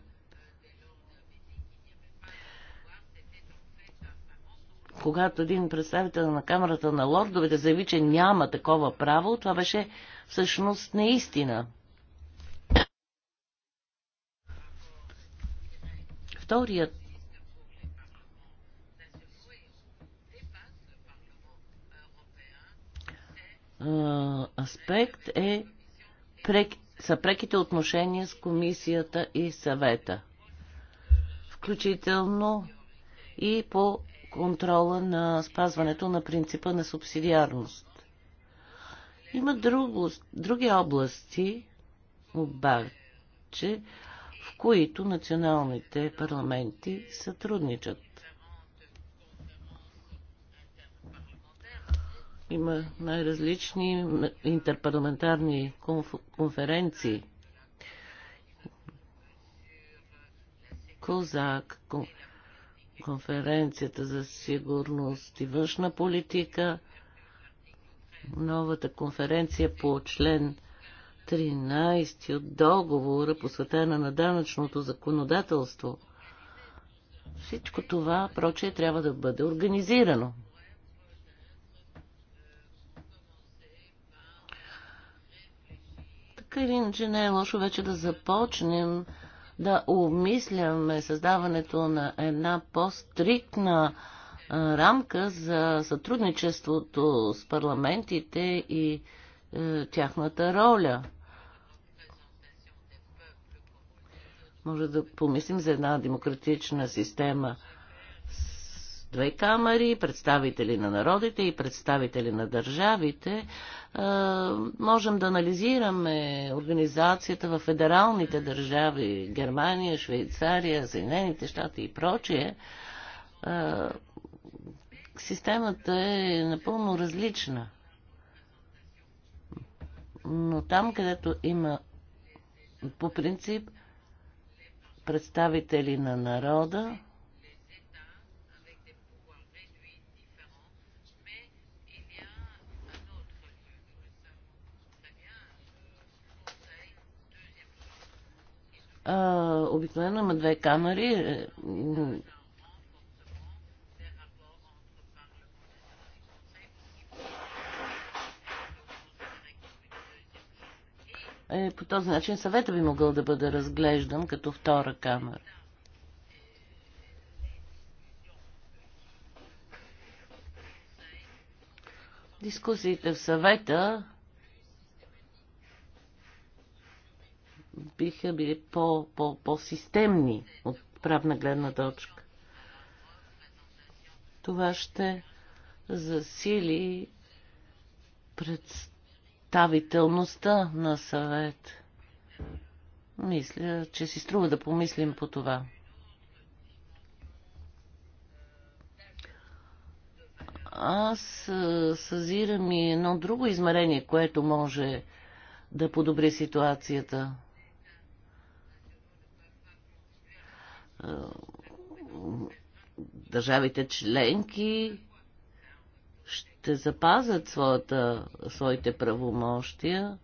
Когато един представител на Камерата на лордовете заяви, че няма такова право, това беше всъщност неистина. Вторият аспект е са преките отношения с комисията и съвета. Включително и по контрола на спазването на принципа на субсидиарност. Има друго, други области, обаче, в които националните парламенти сътрудничат. Има най-различни интерпарламентарни конференции. Козак, конференцията за сигурност и външна политика, новата конференция по член 13 от договора, посветена на данъчното законодателство. Всичко това, проче, трябва да бъде организирано. Така или иначе не е лошо вече да започнем да обмисляме създаването на една по-стриктна рамка за сътрудничеството с парламентите и е, тяхната роля. Може да помислим за една демократична система – две камери, представители на народите и представители на държавите, можем да анализираме организацията в федералните държави Германия, Швейцария, Съединените щати и прочие. Системата е напълно различна. Но там, където има по принцип представители на народа, обикновено има две камери. Е, е, по този начин съвета би могъл да бъде разглеждан като втора камера. Дискусиите в съвета биха били по, по, по-системни от правна гледна точка. Това ще засили представителността на съвет. Мисля, че си струва да помислим по това. Аз съзирам и едно друго измерение, което може да подобри ситуацията. държавите членки ще запазят своята, своите правомощия.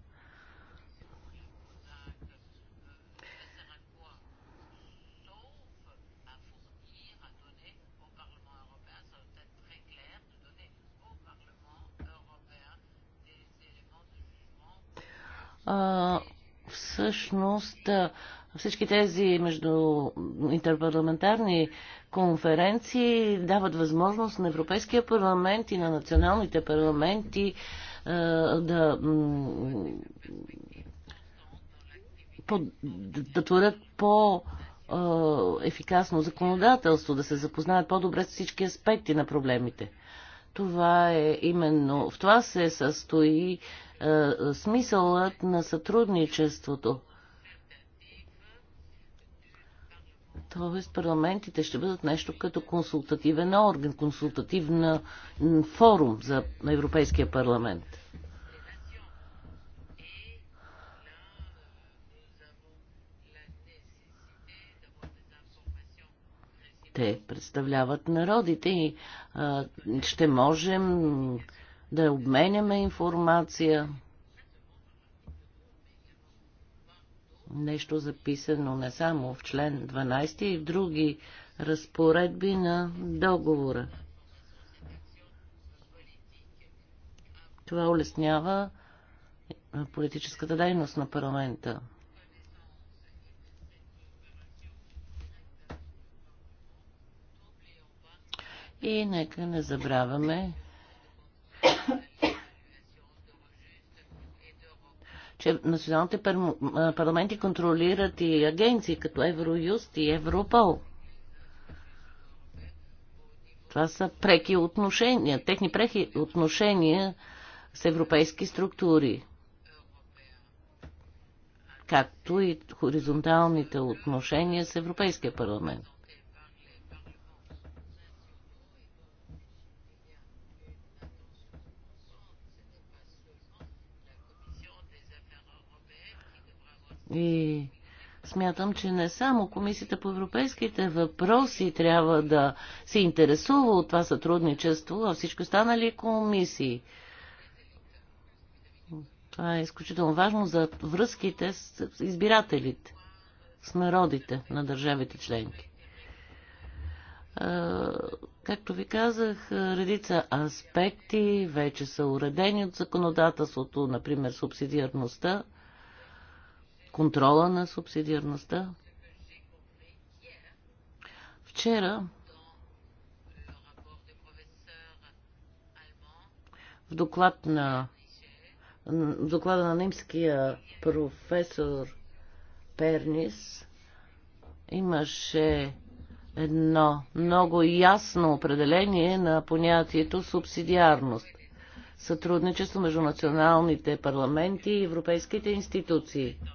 А, всъщност, всички тези между интерпарламентарни конференции дават възможност на Европейския парламент и на националните парламенти е, да, да творят по ефикасно законодателство, да се запознаят по-добре с всички аспекти на проблемите. Това е именно, в това се състои е, смисълът на сътрудничеството. Тоест парламентите ще бъдат нещо като консултативен орган, консултативна форум за Европейския парламент. Те представляват народите и а, ще можем да обменяме информация. нещо записано не само в член 12 и в други разпоредби на договора. Това улеснява политическата дейност на парламента. И нека не забравяме, че националните парламенти контролират и агенции като Евроюст и Европол. Това са преки отношения, техни преки отношения с европейски структури, както и хоризонталните отношения с Европейския парламент. И смятам, че не само Комисията по европейските въпроси трябва да се интересува от това сътрудничество, а всички останали комисии. Това е изключително важно за връзките с избирателите, с народите на държавите членки. Както ви казах, редица аспекти вече са уредени от законодателството, например субсидиарността, контрола на субсидиарността. Вчера в доклад на в доклада на немския професор Пернис имаше едно много ясно определение на понятието субсидиарност. Сътрудничество между националните парламенти и европейските институции –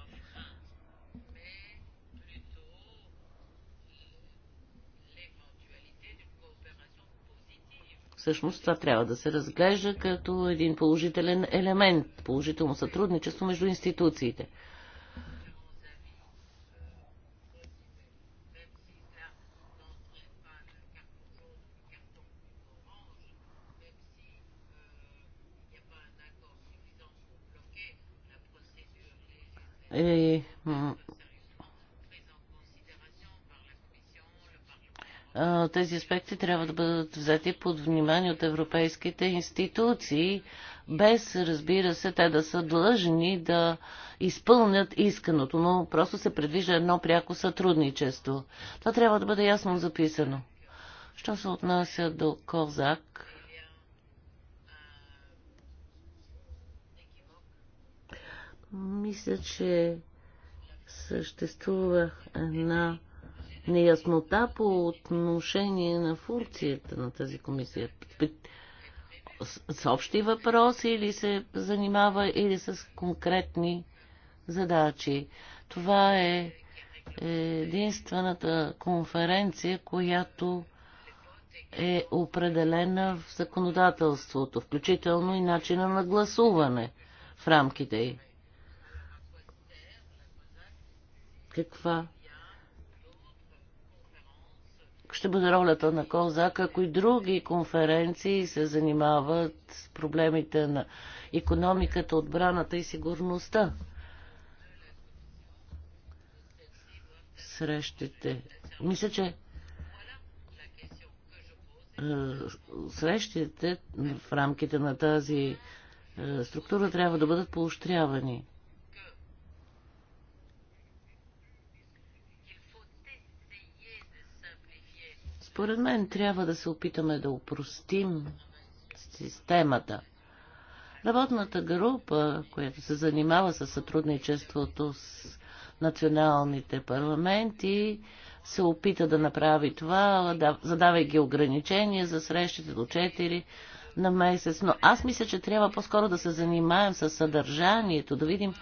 Всъщност това трябва да се разглежда като един положителен елемент, положително сътрудничество между институциите. Е, тези аспекти трябва да бъдат взети под внимание от европейските институции, без, разбира се, те да са длъжни да изпълнят исканото, но просто се предвижда едно пряко сътрудничество. Това трябва да бъде ясно записано. Що се отнася до Козак? Мисля, че съществува една неяснота по отношение на функцията на тази комисия. С общи въпроси или се занимава или с конкретни задачи. Това е единствената конференция, която е определена в законодателството, включително и начина на гласуване в рамките й. Каква ще бъде ролята на Козак, ако и други конференции се занимават с проблемите на економиката, отбраната и сигурността. Срещите. Мисля, че е, срещите в рамките на тази е, структура трябва да бъдат поощрявани. Според мен трябва да се опитаме да упростим системата. Работната група, която се занимава с сътрудничеството с националните парламенти, се опита да направи това, задавайки ограничения за срещите до 4 на месец. Но аз мисля, че трябва по-скоро да се занимаем с съдържанието, да видим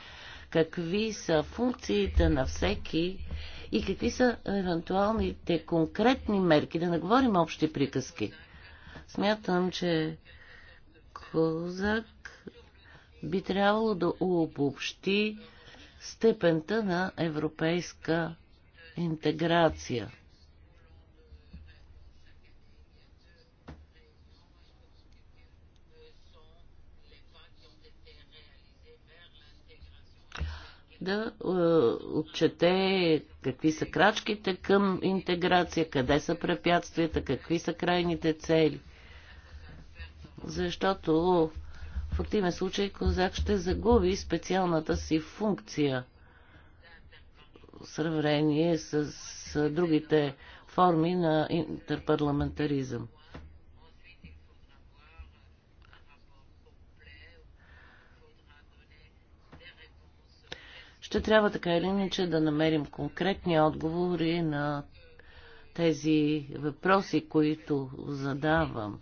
какви са функциите на всеки и какви са евентуалните конкретни мерки, да не говорим общи приказки. Смятам, че Козак би трябвало да обобщи степента на европейска интеграция. да е, отчете какви са крачките към интеграция, къде са препятствията, какви са крайните цели. Защото в активен случай Козак ще загуби специалната си функция в сравнение с другите форми на интерпарламентаризъм. Ще трябва така или иначе да намерим конкретни отговори на тези въпроси, които задавам.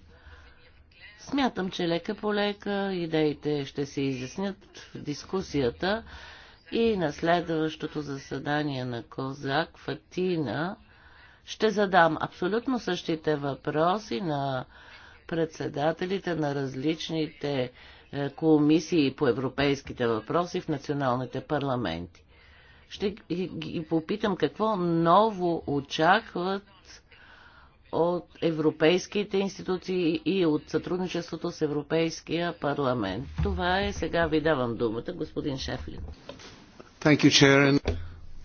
Смятам, че лека по лека идеите ще се изяснят в дискусията и на следващото заседание на Козак Фатина ще задам абсолютно същите въпроси на председателите на различните е, комисии по европейските въпроси в националните парламенти. Ще ги попитам какво ново очакват от европейските институции и от сътрудничеството с Европейския парламент. Това е. Сега ви давам думата, господин Шефлин.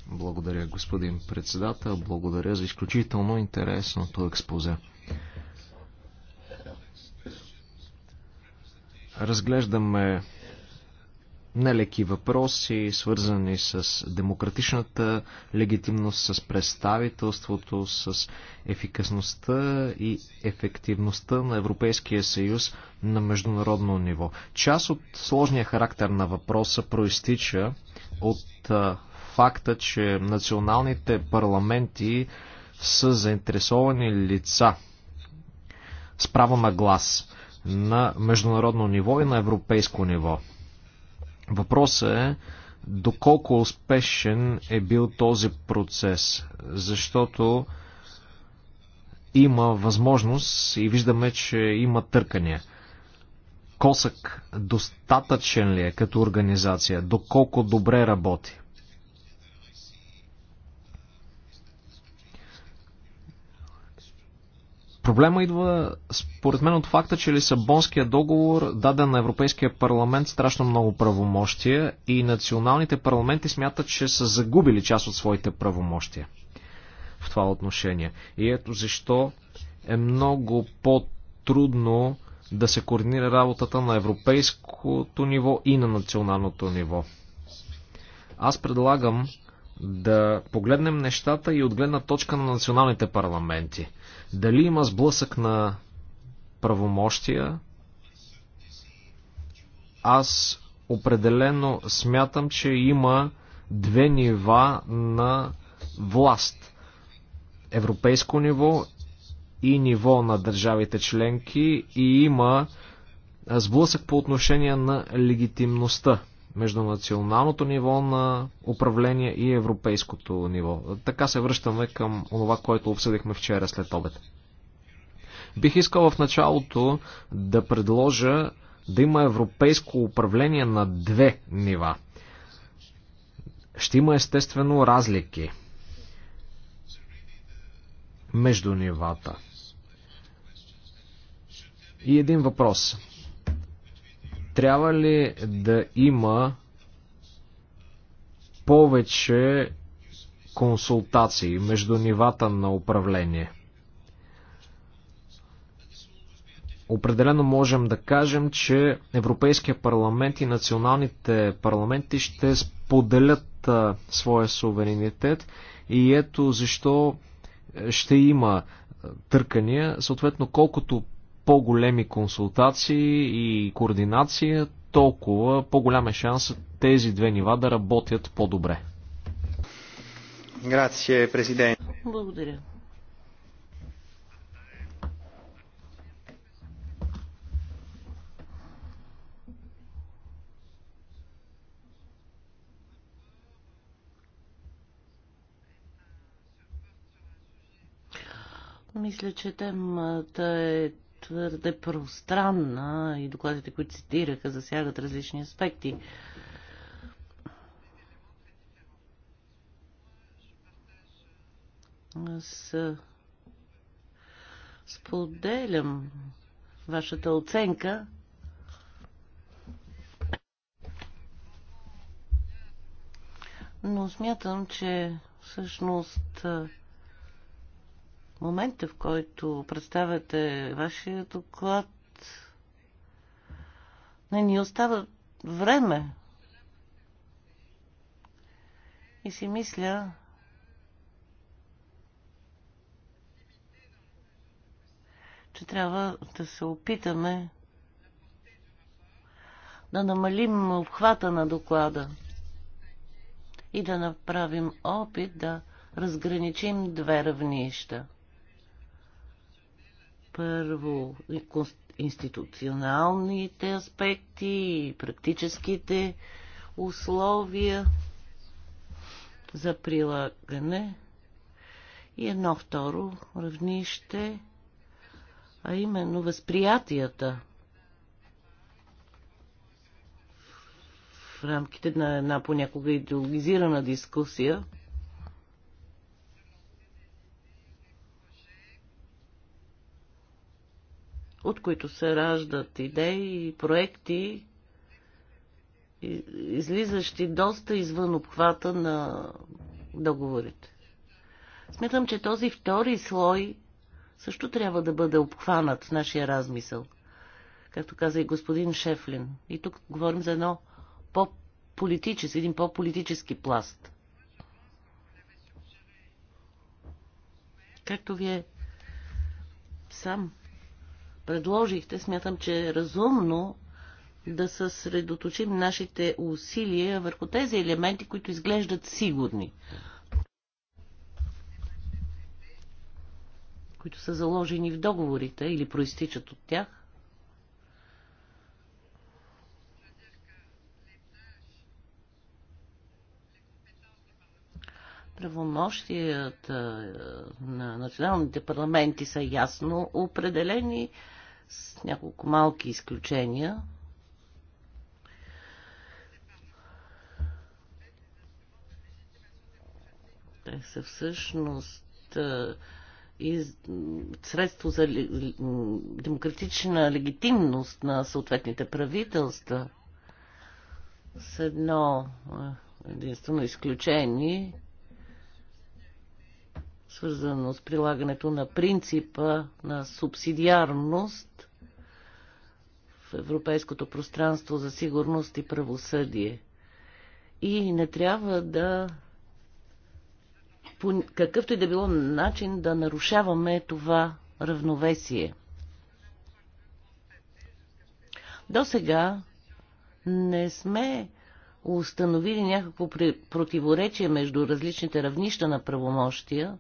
Благодаря, господин председател. Благодаря за изключително интересното експозе. Разглеждаме нелеки въпроси, свързани с демократичната легитимност, с представителството, с ефикасността и ефективността на Европейския съюз на международно ниво. Част от сложния характер на въпроса проистича от факта, че националните парламенти са заинтересовани лица с право на глас на международно ниво и на европейско ниво. Въпросът е доколко успешен е бил този процес, защото има възможност и виждаме, че има търкания. Косък достатъчен ли е като организация? Доколко добре работи? Проблема идва, според мен, от факта, че Лисабонския договор даде на Европейския парламент страшно много правомощия и националните парламенти смятат, че са загубили част от своите правомощия в това отношение. И ето защо е много по-трудно да се координира работата на европейското ниво и на националното ниво. Аз предлагам да погледнем нещата и от гледна точка на националните парламенти – дали има сблъсък на правомощия? Аз определено смятам, че има две нива на власт. Европейско ниво и ниво на държавите членки и има сблъсък по отношение на легитимността между националното ниво на управление и европейското ниво. Така се връщаме към това, което обсъдихме вчера след обед. Бих искал в началото да предложа да има европейско управление на две нива. Ще има естествено разлики между нивата. И един въпрос. Трябва ли да има повече консултации между нивата на управление? Определено можем да кажем, че Европейския парламент и националните парламенти ще споделят своя суверенитет и ето защо ще има търкания. Съответно, колкото по-големи консултации и координация, толкова по-голям е шанс тези две нива да работят по-добре. Грация, президент. Благодаря. Мисля, че темата е твърде пространна и докладите, които цитираха, засягат различни аспекти. Аз споделям вашата оценка. Но смятам, че всъщност момента, в който представяте вашия доклад, не ни остава време. И си мисля, че трябва да се опитаме да намалим обхвата на доклада и да направим опит да разграничим две равнища – първо, институционалните аспекти и практическите условия за прилагане и едно второ равнище, а именно възприятията в рамките на една понякога идеологизирана дискусия – от които се раждат идеи и проекти, излизащи доста извън обхвата на договорите. Смятам, че този втори слой също трябва да бъде обхванат в нашия размисъл. Както каза и господин Шефлин. И тук говорим за едно по-политически, един по-политически пласт. Както вие сам предложихте, смятам, че е разумно да съсредоточим нашите усилия върху тези елементи, които изглеждат сигурни, които са заложени в договорите или проистичат от тях. Правомощията е, на националните парламенти са ясно определени с няколко малки изключения. Те са всъщност и средство за демократична легитимност на съответните правителства с едно единствено изключение свързано с прилагането на принципа на субсидиарност в Европейското пространство за сигурност и правосъдие. И не трябва да по какъвто и да било начин да нарушаваме това равновесие. До сега не сме установили някакво противоречие между различните равнища на правомощия,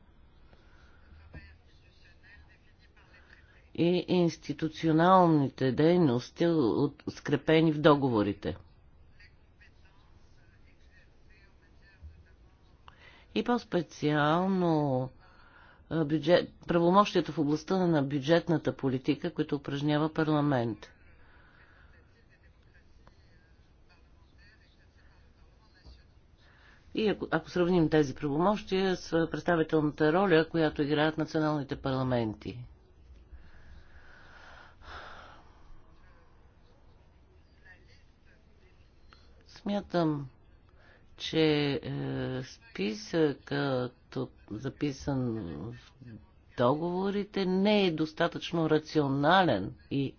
и институционалните дейности, скрепени в договорите. И по-специално бюджет, правомощията в областта на бюджетната политика, които упражнява парламент. И ако, ако сравним тези правомощия с представителната роля, която играят националните парламенти. Смятам, че е, списъкът, записан в договорите, не е достатъчно рационален и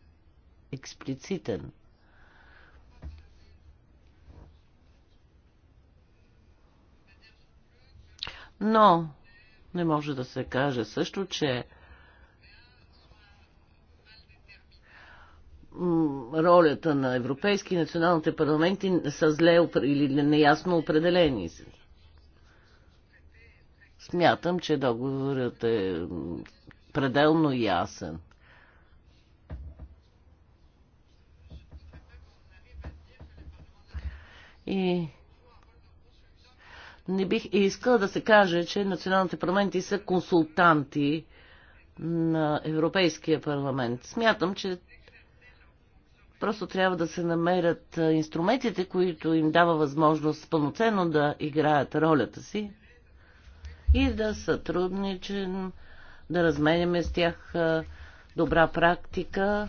експлицитен. Но не може да се каже също, че ролята на европейски и националните парламенти са зле или неясно определени. Смятам, че договорът е пределно ясен. И не бих искала да се каже, че националните парламенти са консултанти на Европейския парламент. Смятам, че Просто трябва да се намерят инструментите, които им дава възможност пълноценно да играят ролята си и да сътрудничим, да разменяме с тях добра практика.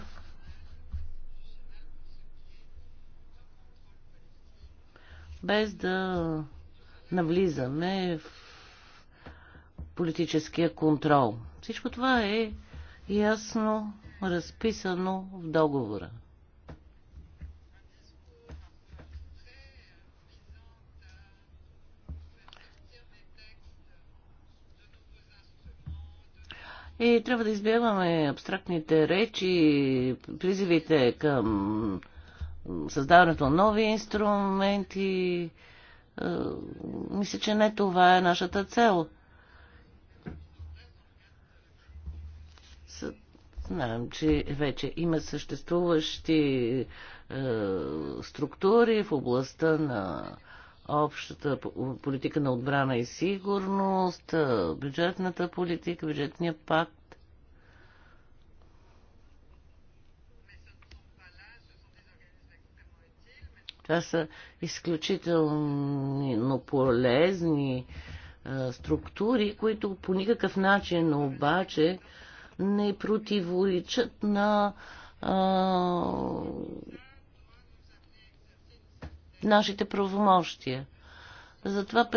Без да навлизаме в политическия контрол. Всичко това е ясно разписано в договора. И трябва да избягваме абстрактните речи, призивите към създаването на нови инструменти. Е, мисля, че не това е нашата цел. Знаем, че вече има съществуващи е, структури в областта на общата политика на отбрана и сигурност, бюджетната политика, бюджетния пакт. Това са изключително полезни структури, които по никакъв начин обаче не противоречат на нашите правомощия. Затова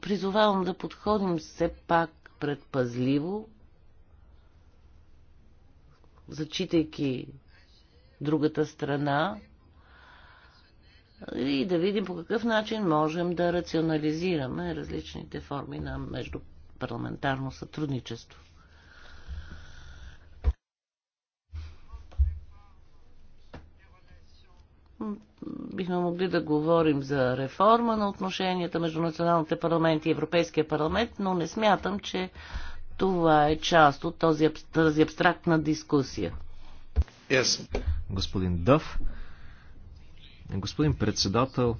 призовавам да подходим все пак предпазливо, зачитайки другата страна и да видим по какъв начин можем да рационализираме различните форми на междупарламентарно сътрудничество. бихме могли да говорим за реформа на отношенията между националните парламенти и Европейския парламент, но не смятам, че това е част от този, тази абстрактна дискусия. Yes. Господин Дъв, господин председател,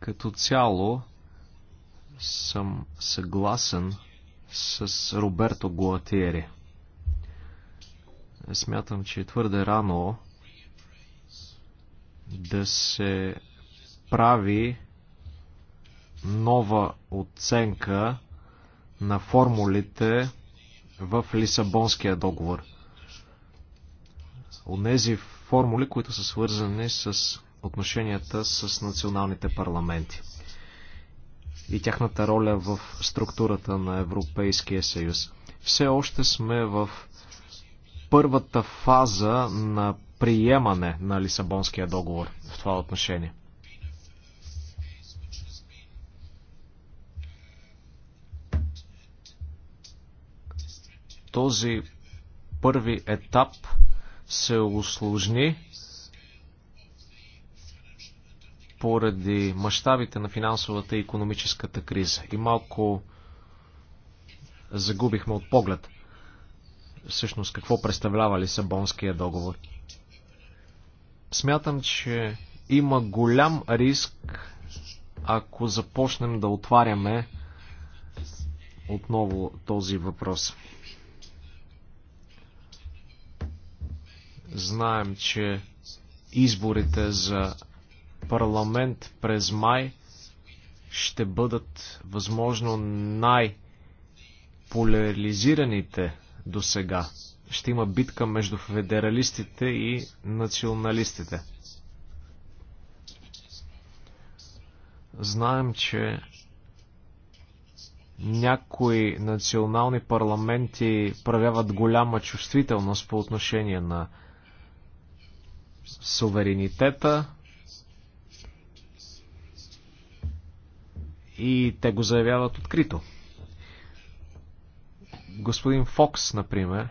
като цяло съм съгласен с Роберто Гуатери. Смятам, че е твърде рано да се прави нова оценка на формулите в Лисабонския договор. Онези формули, които са свързани с отношенията с националните парламенти и тяхната роля в структурата на Европейския съюз. Все още сме в първата фаза на приемане на Лисабонския договор в това отношение. Този първи етап се усложни поради мащабите на финансовата и економическата криза. И малко загубихме от поглед всъщност какво представлява Лисабонския договор. Смятам, че има голям риск, ако започнем да отваряме отново този въпрос. Знаем, че изборите за парламент през май ще бъдат възможно най-поляризираните до сега ще има битка между федералистите и националистите. Знаем, че някои национални парламенти проявяват голяма чувствителност по отношение на суверенитета и те го заявяват открито. Господин Фокс, например,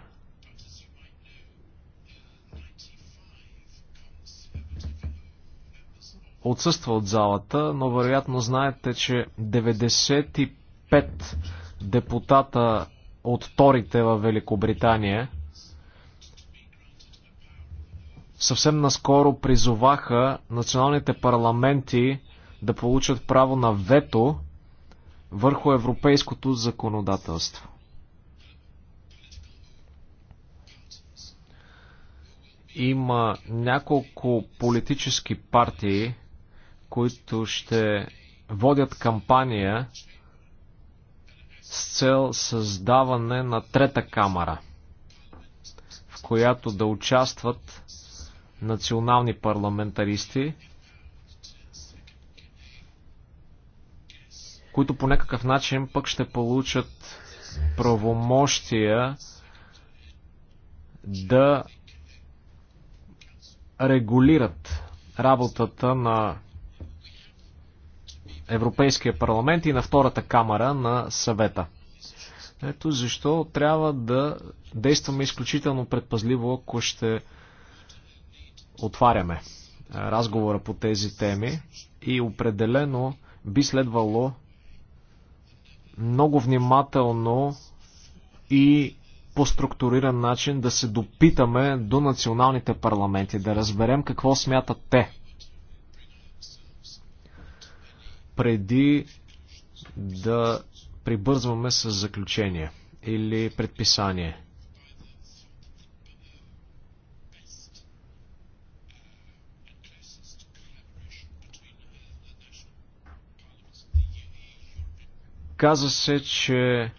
отсъства от залата, но вероятно знаете, че 95 депутата от Торите в Великобритания съвсем наскоро призоваха националните парламенти да получат право на вето върху европейското законодателство. Има няколко политически партии, които ще водят кампания с цел създаване на трета камера, в която да участват национални парламентаристи, които по някакъв начин пък ще получат правомощия да регулират работата на Европейския парламент и на втората камера на съвета. Ето защо трябва да действаме изключително предпазливо, ако ще отваряме е, разговора по тези теми и определено би следвало много внимателно и по структуриран начин да се допитаме до националните парламенти, да разберем какво смятат те преди да прибързваме с заключение или предписание. Каза се, че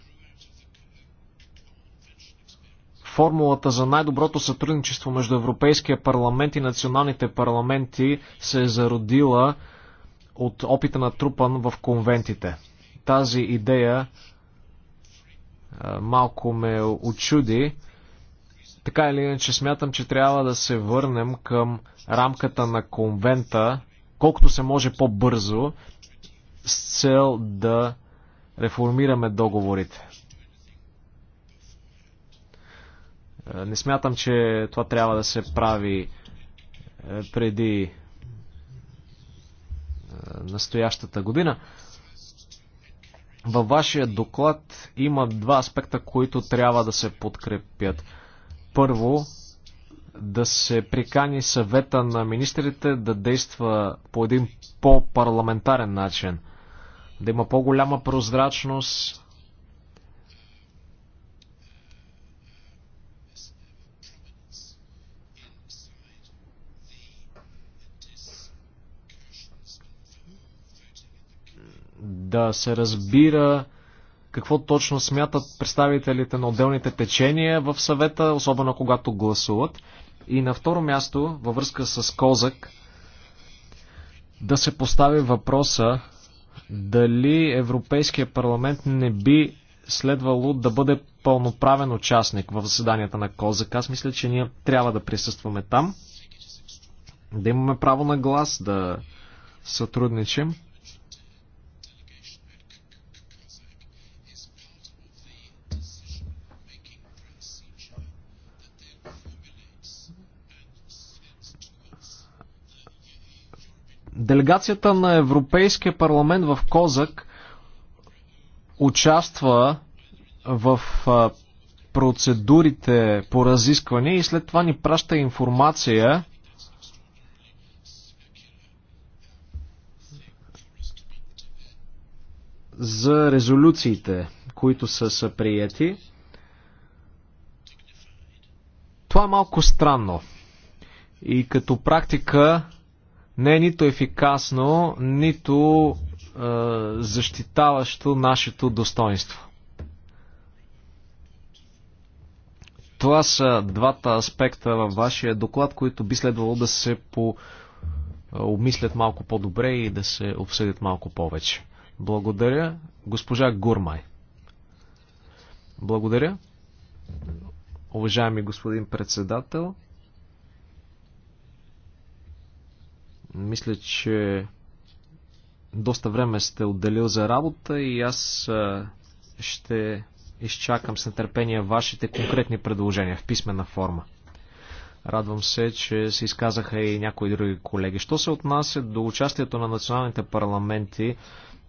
формулата за най-доброто сътрудничество между Европейския парламент и националните парламенти се е зародила от опита на трупан в конвентите. Тази идея малко ме очуди. Така или иначе смятам, че трябва да се върнем към рамката на конвента, колкото се може по-бързо, с цел да реформираме договорите. Не смятам, че това трябва да се прави преди настоящата година. Във вашия доклад има два аспекта, които трябва да се подкрепят. Първо, да се прикани съвета на министрите да действа по един по-парламентарен начин, да има по-голяма прозрачност, да се разбира какво точно смятат представителите на отделните течения в съвета, особено когато гласуват. И на второ място, във връзка с Козак, да се постави въпроса дали Европейския парламент не би следвало да бъде пълноправен участник в заседанията на Козак. Аз мисля, че ние трябва да присъстваме там, да имаме право на глас, да сътрудничим. Делегацията на Европейския парламент в Козак участва в процедурите по разискване и след това ни праща информация за резолюциите, които са, съприяти. Това е малко странно. И като практика не е нито ефикасно, нито е, защитаващо нашето достоинство. Това са двата аспекта във вашия доклад, които би следвало да се по, обмислят малко по-добре и да се обсъдят малко повече. Благодаря, госпожа Гурмай. Благодаря, уважаеми господин председател. Мисля, че доста време сте отделил за работа и аз ще изчакам с нетърпение вашите конкретни предложения в писмена форма. Радвам се, че се изказаха и някои други колеги. Що се отнася до участието на националните парламенти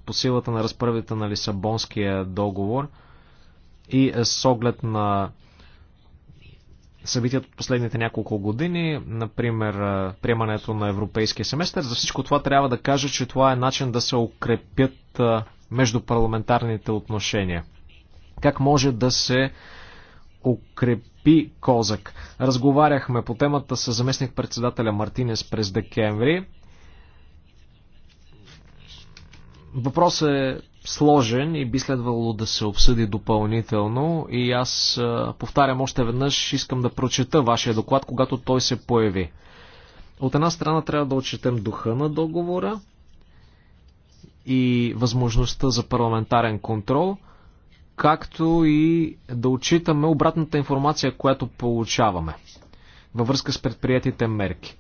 по силата на разправите на Лисабонския договор и с оглед на събитията от последните няколко години, например приемането на европейския семестър. За всичко това трябва да кажа, че това е начин да се укрепят междупарламентарните отношения. Как може да се укрепи Козак? Разговаряхме по темата с заместник-председателя Мартинес през декември. Въпросът е сложен и би следвало да се обсъди допълнително и аз повтарям още веднъж, искам да прочета вашия доклад, когато той се появи. От една страна трябва да отчетем духа на договора и възможността за парламентарен контрол, както и да отчитаме обратната информация, която получаваме във връзка с предприятите мерки.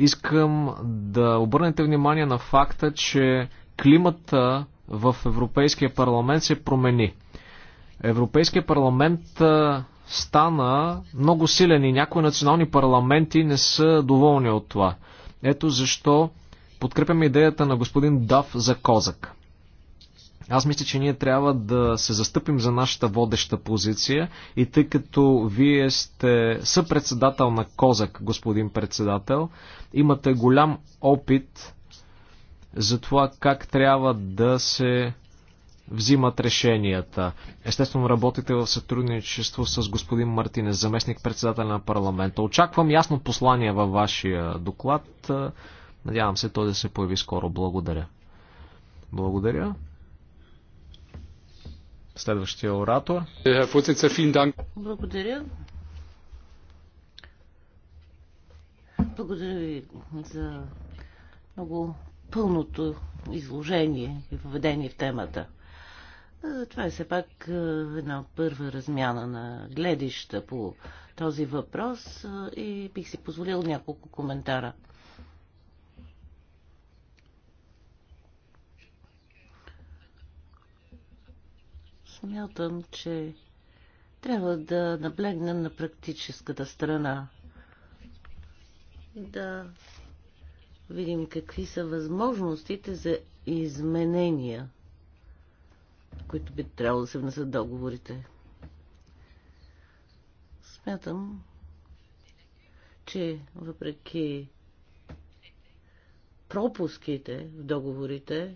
Искам да обърнете внимание на факта, че климата в Европейския парламент се промени. Европейския парламент стана много силен и някои национални парламенти не са доволни от това. Ето защо подкрепям идеята на господин Дав за Козак. Аз мисля, че ние трябва да се застъпим за нашата водеща позиция и тъй като вие сте съпредседател на Козак, господин председател, имате голям опит за това как трябва да се взимат решенията. Естествено, работите в сътрудничество с господин Мартинес, заместник председател на парламента. Очаквам ясно послание във вашия доклад. Надявам се той да се появи скоро. Благодаря. Благодаря. Следващия оратор. Благодаря. Благодаря ви за много пълното изложение и въведение в темата. Това е все пак една първа размяна на гледища по този въпрос и бих си позволил няколко коментара. Смятам, че трябва да наблегнем на практическата страна. Да видим какви са възможностите за изменения, които би трябвало да се внесат договорите. Смятам, че въпреки пропуските в договорите,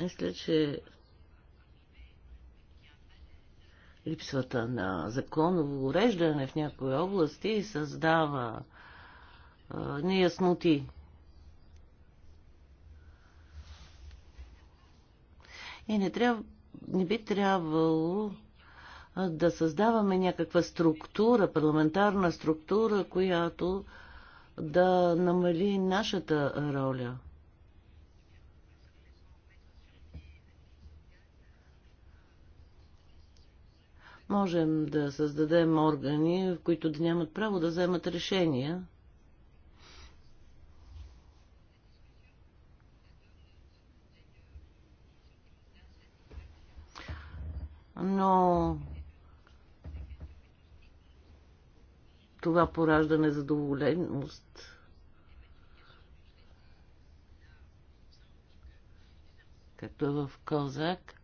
Мисля, че липсвата на законово уреждане в някои области създава а, неясноти. И не, трябва, не би трябвало да създаваме някаква структура, парламентарна структура, която да намали нашата роля. Можем да създадем органи, в които да нямат право да вземат решения. Но това поражда незадоволеност. Както е в Козак.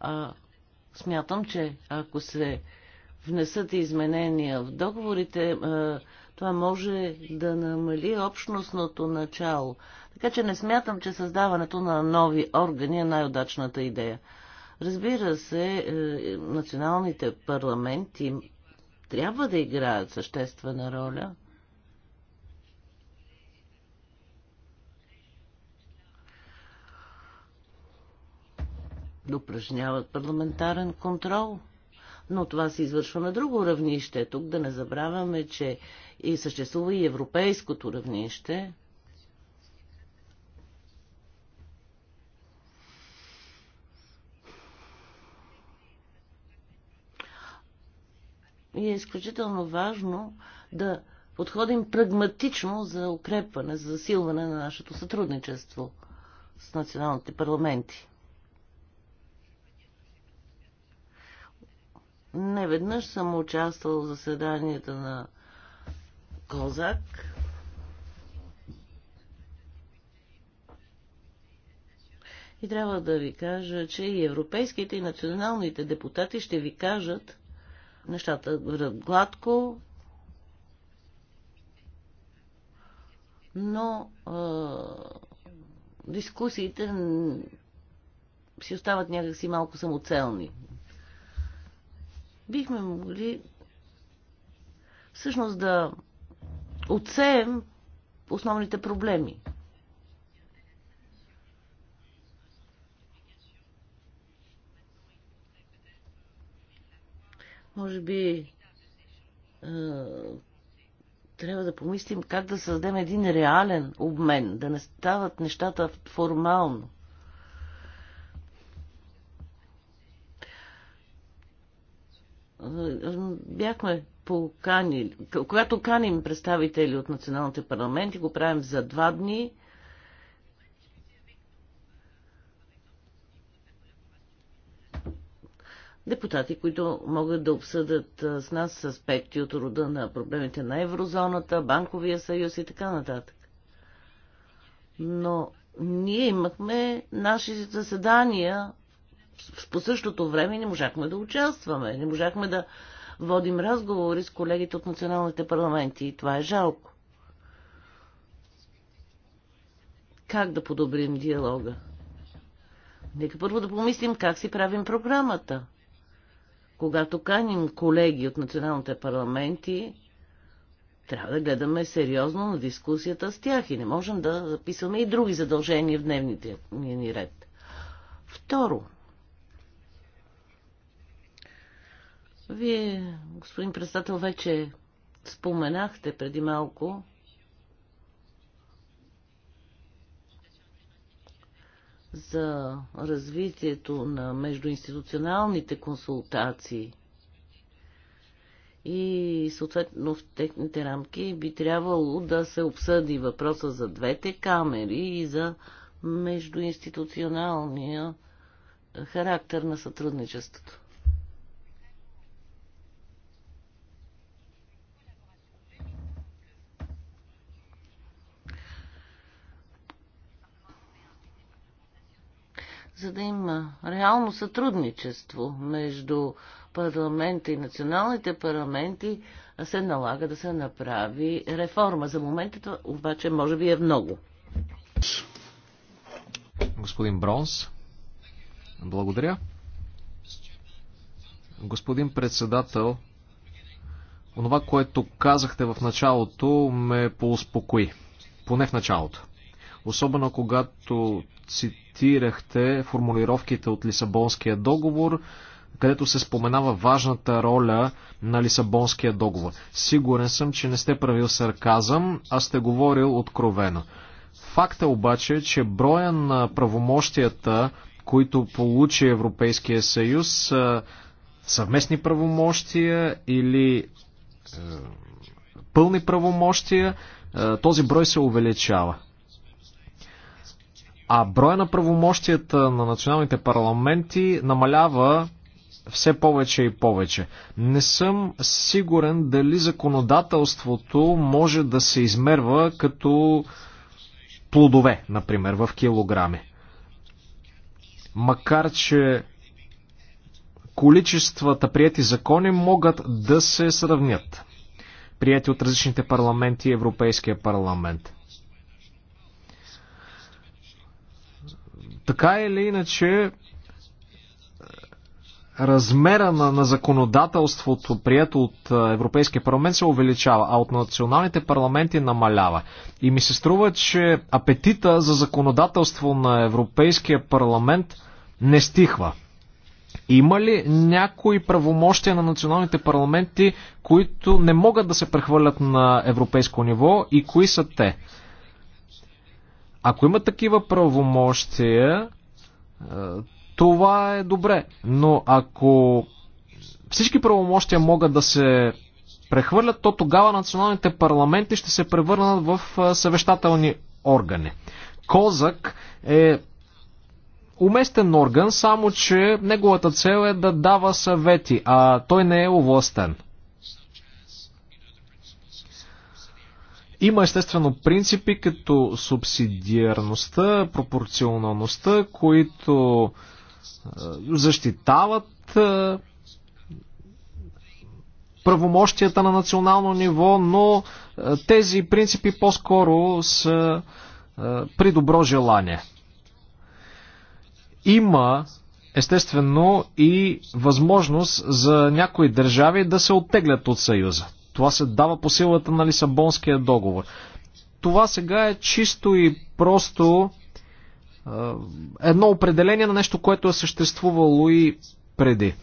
А Смятам, че ако се внесат изменения в договорите, е, това може да намали общностното начало. Така че не смятам, че създаването на нови органи е най-удачната идея. Разбира се, е, националните парламенти трябва да играят съществена роля – да упражняват парламентарен контрол. Но това се извършва на друго равнище. Тук да не забравяме, че и съществува и европейското равнище, и е изключително важно да подходим прагматично за укрепване, за засилване на нашето сътрудничество с националните парламенти. Не веднъж съм участвал в заседанията на Козак. И трябва да ви кажа, че и европейските и националните депутати ще ви кажат нещата гладко, но а, дискусиите си остават някакси малко самоцелни бихме могли всъщност да отсеем основните проблеми. Може би трябва да помислим как да създадем един реален обмен, да не стават нещата формално. бяхме поканили, когато каним представители от националните парламенти, го правим за два дни. Депутати, които могат да обсъдят с нас аспекти от рода на проблемите на еврозоната, банковия съюз и така нататък. Но ние имахме наши заседания по същото време не можахме да участваме, не можахме да водим разговори с колегите от националните парламенти и това е жалко. Как да подобрим диалога? Нека първо да помислим как си правим програмата. Когато каним колеги от националните парламенти, трябва да гледаме сериозно на дискусията с тях и не можем да записваме и други задължения в дневните ни ред. Второ, Вие, господин председател, вече споменахте преди малко за развитието на междуинституционалните консултации и съответно в техните рамки би трябвало да се обсъди въпроса за двете камери и за междуинституционалния характер на сътрудничеството. за да има реално сътрудничество между парламента и националните парламенти, се налага да се направи реформа. За момента обаче може би е много. Господин Бронс, благодаря. Господин председател, онова, което казахте в началото, ме поуспокои. Поне в началото особено когато цитирахте формулировките от Лисабонския договор, където се споменава важната роля на Лисабонския договор. Сигурен съм, че не сте правил сарказъм, а сте говорил откровено. Факт е обаче, че броя на правомощията, които получи Европейския съюз, са съвместни правомощия или е, пълни правомощия, е, този брой се увеличава. А броя на правомощията на националните парламенти намалява все повече и повече. Не съм сигурен дали законодателството може да се измерва като плодове, например, в килограми. Макар, че количествата прияти закони могат да се сравнят. Прияти от различните парламенти и Европейския парламент. Така или иначе, размера на, на законодателството, прието от Европейския парламент, се увеличава, а от националните парламенти намалява. И ми се струва, че апетита за законодателство на Европейския парламент не стихва. Има ли някои правомощия на националните парламенти, които не могат да се прехвърлят на европейско ниво и кои са те? Ако има такива правомощия, е, това е добре. Но ако всички правомощия могат да се прехвърлят, то тогава националните парламенти ще се превърнат в е, съвещателни органи. Козак е уместен орган, само че неговата цел е да дава съвети, а той не е овластен. Има естествено принципи като субсидиарността, пропорционалността, които е, защитават е, правомощията на национално ниво, но е, тези принципи по-скоро са при добро желание. Има естествено и възможност за някои държави да се оттеглят от Съюза. Това се дава по силата на Лисабонския договор. Това сега е чисто и просто едно определение на нещо, което е съществувало и преди.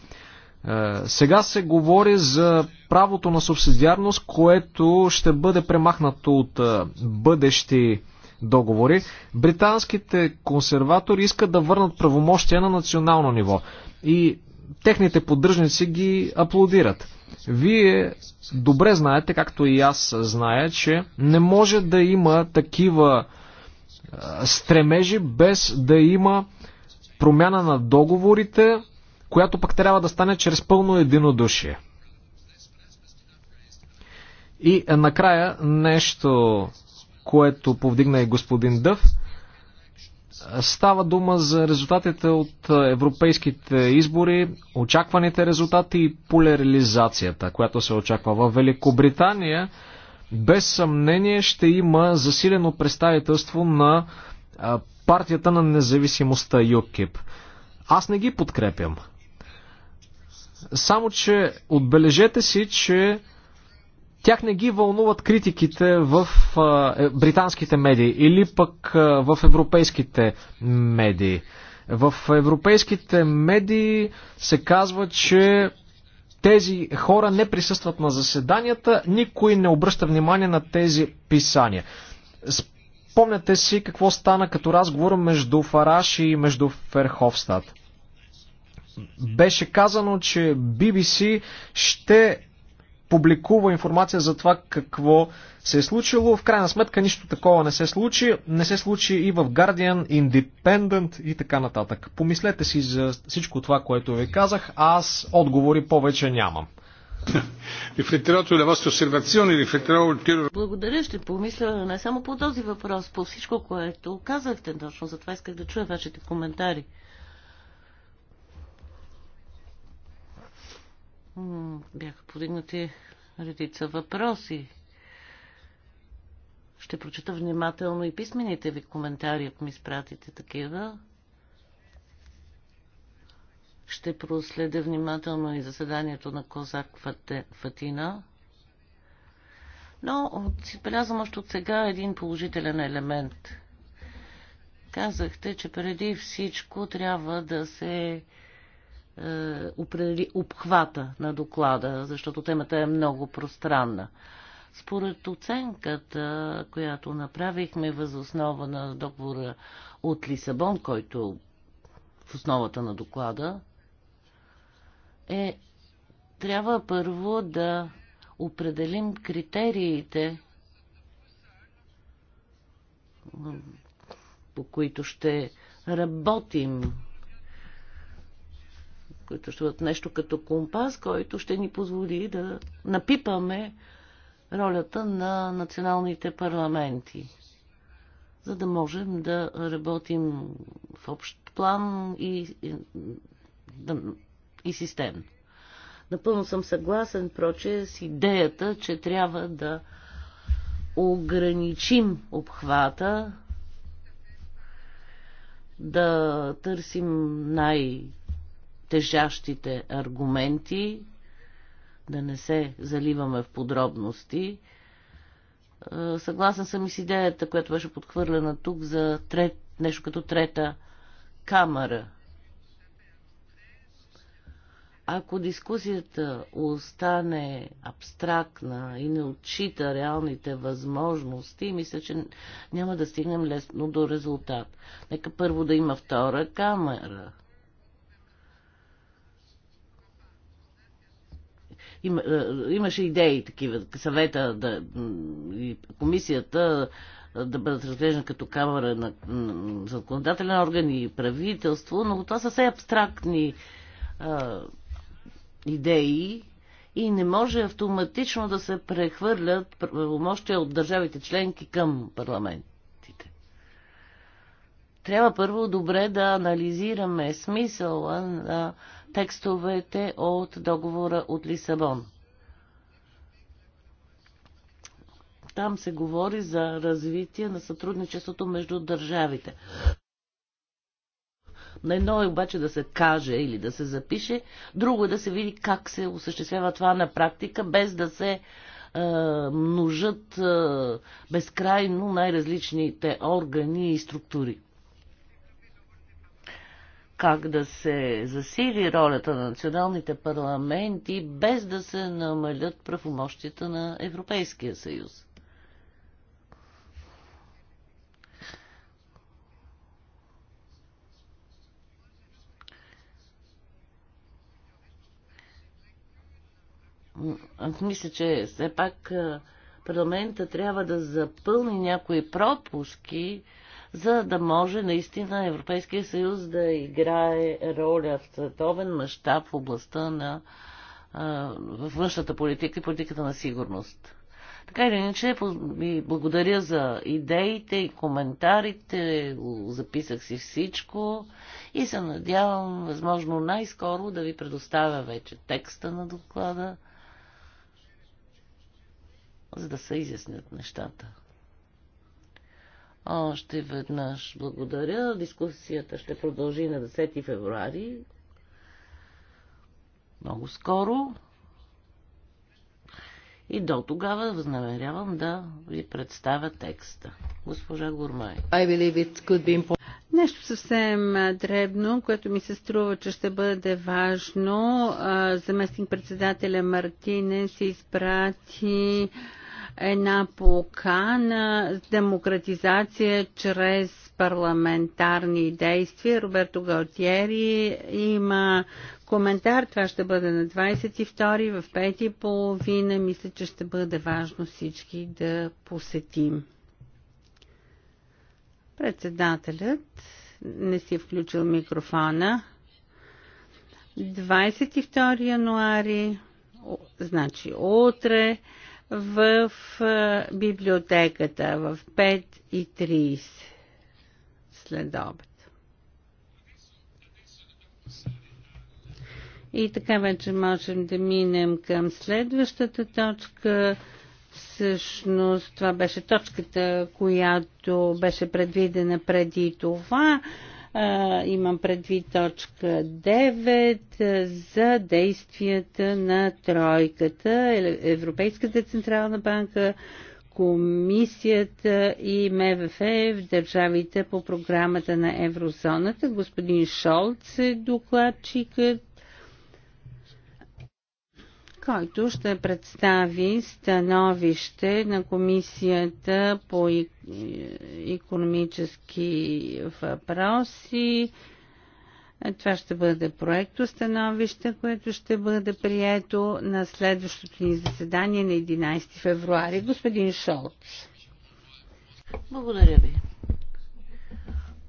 Сега се говори за правото на субсидиарност, което ще бъде премахнато от бъдещи договори. Британските консерватори искат да върнат правомощия на национално ниво и техните поддръжници ги аплодират. Вие добре знаете, както и аз зная, че не може да има такива стремежи без да има промяна на договорите, която пък трябва да стане чрез пълно единодушие. И е, накрая нещо, което повдигна и господин Дъв – Става дума за резултатите от европейските избори, очакваните резултати и поляризацията, която се очаква. В Великобритания без съмнение ще има засилено представителство на партията на независимостта ЮКИП. Аз не ги подкрепям. Само, че отбележете си, че тях не ги вълнуват критиките в е, британските медии или пък в европейските медии. В европейските медии се казва, че тези хора не присъстват на заседанията, никой не обръща внимание на тези писания. Спомняте си какво стана като разговор между Фараш и между Ферховстад. Беше казано, че BBC ще публикува информация за това какво се е случило. В крайна сметка нищо такова не се случи. Не се случи и в Guardian, Independent и така нататък. Помислете си за всичко това, което ви казах. Аз отговори повече нямам. Благодаря, ще помисля не само по този въпрос, по всичко, което казахте точно. Затова исках да чуя вашите коментари. бяха подигнати редица въпроси. Ще прочета внимателно и писмените ви коментари, ако ми спратите такива. Ще проследя внимателно и заседанието на Козак Фатина. Но отбелязвам още от сега един положителен елемент. Казахте, че преди всичко трябва да се е, определи обхвата на доклада, защото темата е много пространна. Според оценката, която направихме възоснова на договора от Лисабон, който в основата на доклада, е трябва първо да определим критериите, по които ще работим които ще бъдат нещо като компас, който ще ни позволи да напипаме ролята на националните парламенти, за да можем да работим в общ план и, и, да, и системно. Напълно съм съгласен, проче, с идеята, че трябва да ограничим обхвата, да търсим най- тежащите аргументи, да не се заливаме в подробности. Е, съгласен съм и с идеята, която беше подхвърлена тук за трет, нещо като трета камера. Ако дискусията остане абстрактна и не отчита реалните възможности, мисля, че няма да стигнем лесно до резултат. Нека първо да има втора камера, Им, е, имаше идеи такива, съвета да, и комисията е, да бъдат разглеждани като камера на, на законодателен орган и правителство, но това са все абстрактни а, е, идеи и не може автоматично да се прехвърлят правомощия от държавите членки към парламент. Трябва първо добре да анализираме смисъла на текстовете от договора от Лисабон. Там се говори за развитие на сътрудничеството между държавите. На едно е обаче да се каже или да се запише, друго е да се види как се осъществява това на практика, без да се е, множат е, безкрайно най-различните органи и структури как да се засили ролята на националните парламенти, без да се намалят правомощията на Европейския съюз. Аз мисля, че все пак парламента трябва да запълни някои пропуски, за да може наистина Европейския съюз да играе роля в световен мащаб в областта на а, външната политика и политиката на сигурност. Така или иначе, ви благодаря за идеите и коментарите, записах си всичко и се надявам, възможно най-скоро, да ви предоставя вече текста на доклада, за да се изяснят нещата. Още веднъж благодаря. Дискусията ще продължи на 10 февруари. Много скоро. И до тогава възнамерявам да ви представя текста. Госпожа Гурмай. I believe it could be important. Нещо съвсем дребно, което ми се струва, че ще бъде важно. Заместник председателя Мартинес изпрати една покана демократизация чрез парламентарни действия. Роберто Галтиери има коментар. Това ще бъде на 22 в 5 и половина. Мисля, че ще бъде важно всички да посетим. Председателят не си е включил микрофона. 22 януари, значи утре, в библиотеката в 5.30 след обед. И така вече можем да минем към следващата точка. Всъщност това беше точката, която беше предвидена преди това имам предвид точка 9 за действията на тройката, Европейската централна банка, комисията и МВФ в държавите по програмата на еврозоната. Господин Шолц е докладчикът който ще представи становище на Комисията по економически въпроси. Това ще бъде проекто становище, което ще бъде прието на следващото ни заседание на 11 февруари. Господин Шолц. Благодаря ви.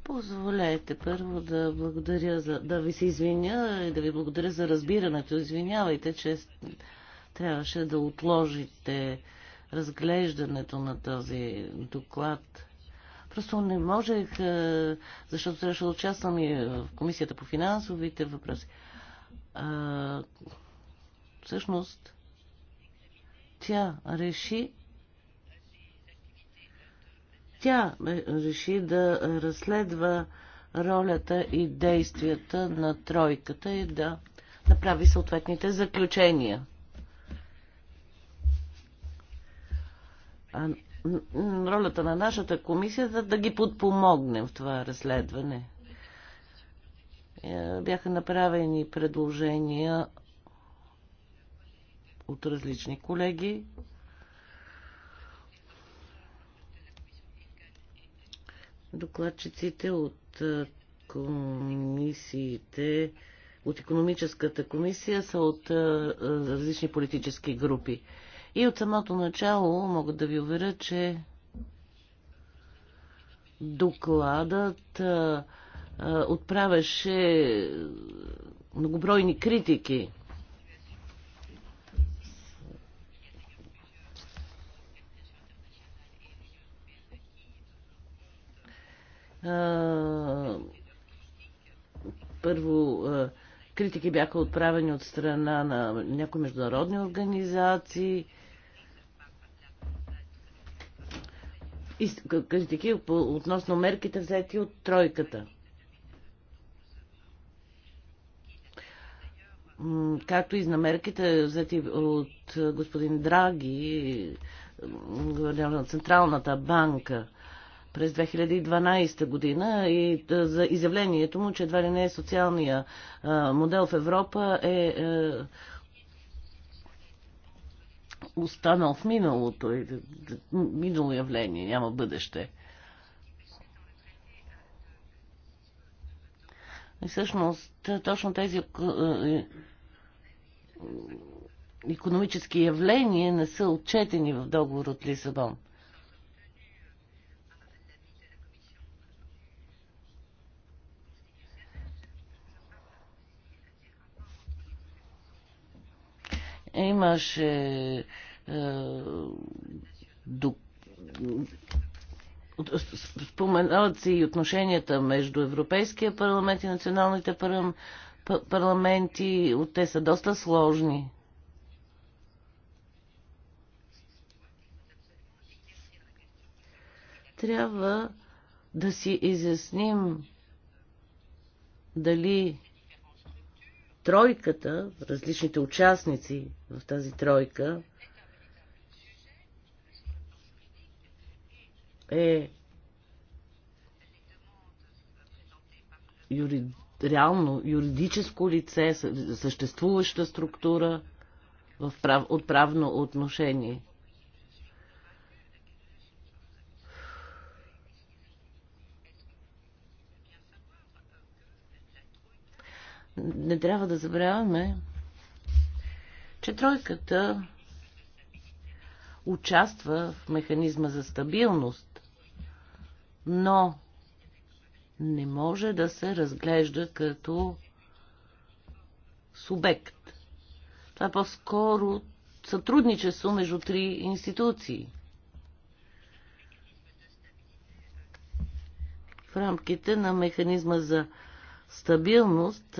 Позволете първо да благодаря за, да ви се извиня и да ви благодаря за разбирането. Извинявайте, че трябваше да отложите разглеждането на този доклад. Просто не можех, е, защото трябваше да участвам и в Комисията по финансовите въпроси. А, всъщност, тя реши тя е, реши да разследва ролята и действията на тройката и да направи съответните заключения. А ролята на нашата комисия е да, да ги подпомогнем в това разследване. Е, бяха направени предложения от различни колеги. Докладчиците от комисиите, от економическата комисия са от различни политически групи. И от самото начало мога да ви уверя, че докладът отправяше многобройни критики Първо, критики бяха отправени от страна на някои международни организации. критики относно мерките взети от тройката. както и на мерките, взети от господин Драги, на Централната банка през 2012 година и за изявлението му, че едва ли не е социалния модел в Европа е останал в миналото, минало явление, няма бъдеще. И всъщност точно тези економически явления не са отчетени в договор от Лисабон. Имаше е, до... споменават се и отношенията между Европейския парламент и националните пар... парламенти. Те са доста сложни. Трябва да си изясним дали тройката, различните участници в тази тройка, е юри... реално юридическо лице, съществуваща структура в прав... от правно отношение – не трябва да забравяме, че тройката участва в механизма за стабилност, но не може да се разглежда като субект. Това е по-скоро сътрудничество между три институции. В рамките на механизма за стабилност,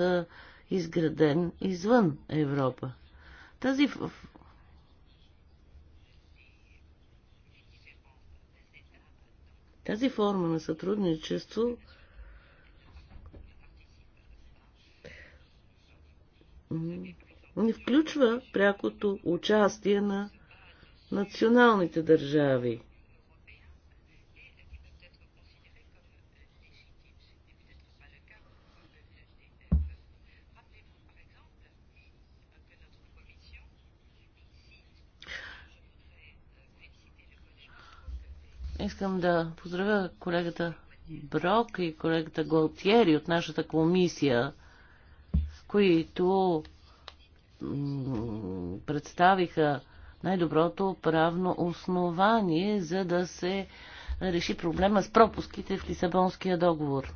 изграден извън Европа. Тази Тази форма на сътрудничество не включва прякото участие на националните държави. Искам да поздравя колегата Брок и колегата Голтиери от нашата комисия, които представиха най-доброто правно основание, за да се реши проблема с пропуските в Лисабонския договор.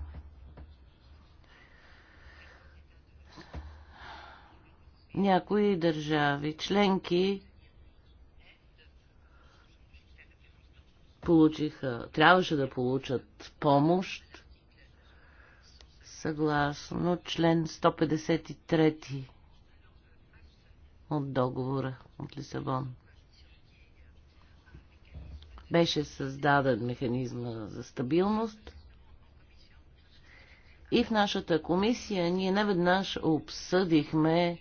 Някои държави членки получиха, трябваше да получат помощ съгласно член 153 от договора от Лисабон. Беше създаден механизма за стабилност и в нашата комисия ние неведнъж обсъдихме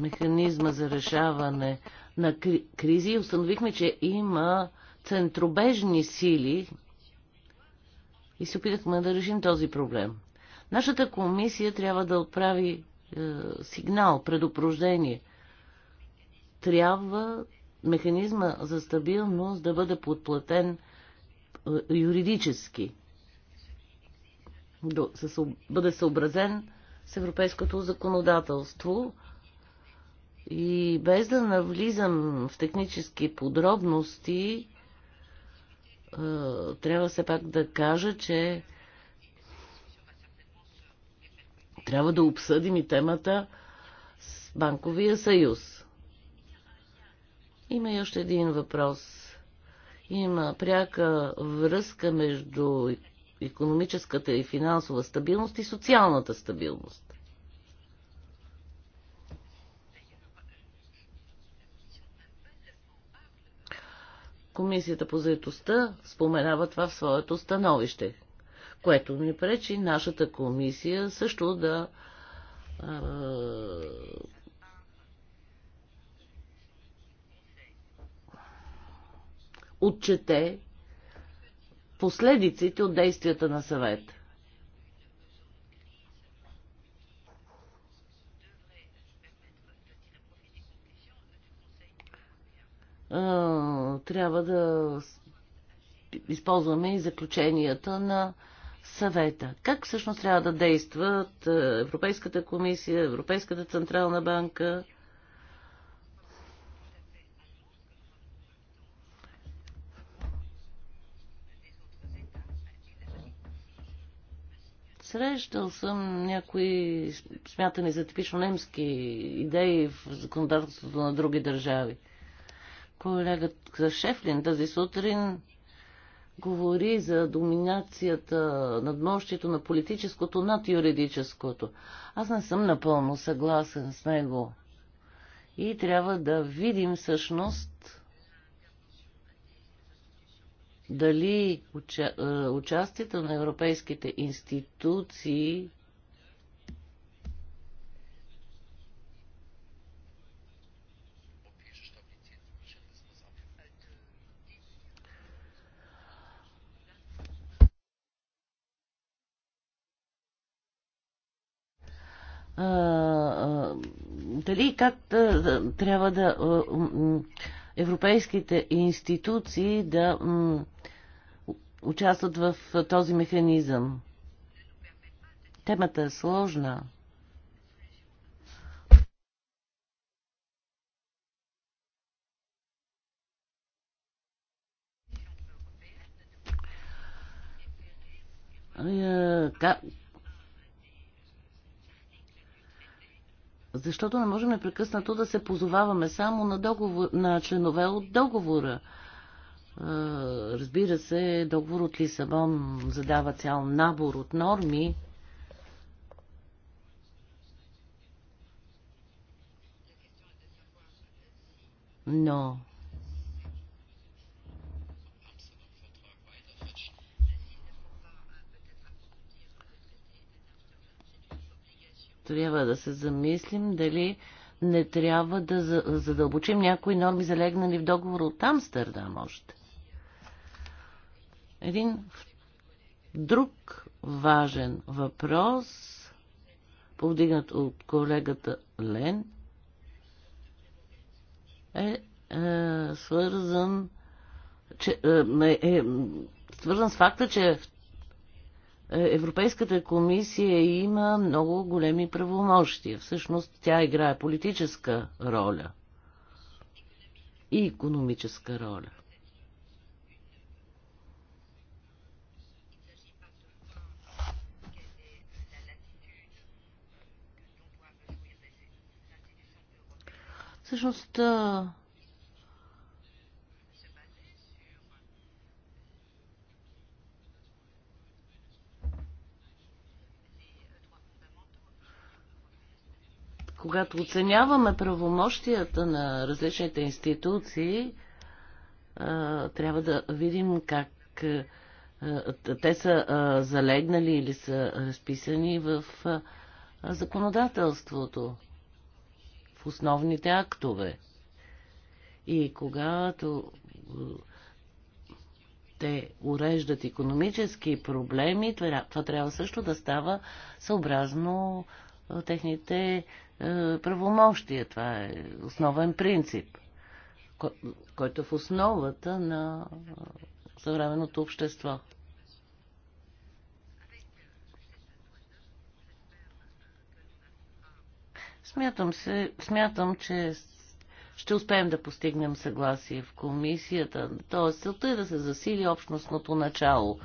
механизма за решаване на кризи и установихме, че има центробежни сили и се опитахме да решим този проблем. Нашата комисия трябва да отправи е, сигнал, предупреждение. Трябва механизма за стабилност да бъде подплатен е, юридически, да, бъде съобразен с европейското законодателство и без да навлизам в технически подробности, е, трябва все пак да кажа, че трябва да обсъдим и темата с Банковия съюз. Има и още един въпрос. Има пряка връзка между економическата и финансова стабилност и социалната стабилност. Комисията по заедостта споменава това в своето становище, което ни пречи нашата комисия също да а, отчете последиците от действията на съвета. трябва да използваме и заключенията на съвета. Как всъщност трябва да действат Европейската комисия, Европейската централна банка? Срещал съм някои смятани за типично немски идеи в законодателството на други държави колегът Шефлин тази сутрин говори за доминацията, над надмощието на политическото над юридическото. Аз не съм напълно съгласен с него. И трябва да видим всъщност дали уча... Е, участието на европейските институции дали как трябва да европейските институции да участват в този механизъм. Темата е сложна. Как, Защото не можем непрекъснато да се позоваваме само на, договор, на членове от договора. Е, разбира се, договор от Лисабон задава цял набор от норми, но трябва да се замислим дали не трябва да задълбочим някои норми, залегнали в договора от Амстердам може. Един друг важен въпрос, повдигнат от колегата Лен, е, е свързан че, е, е, свързан с факта, че е, Европейската комисия има много големи правомощия. Всъщност тя играе политическа роля и економическа роля. Всъщност когато оценяваме правомощията на различните институции, трябва да видим как те са залегнали или са разписани в законодателството, в основните актове. И когато те уреждат економически проблеми, това трябва също да става съобразно техните е, правомощия. Това е основен принцип, който е в основата на е, съвременното общество. Смятам, се, смятам, че ще успеем да постигнем съгласие в комисията. Тоест, целта е да се засили общностното начало,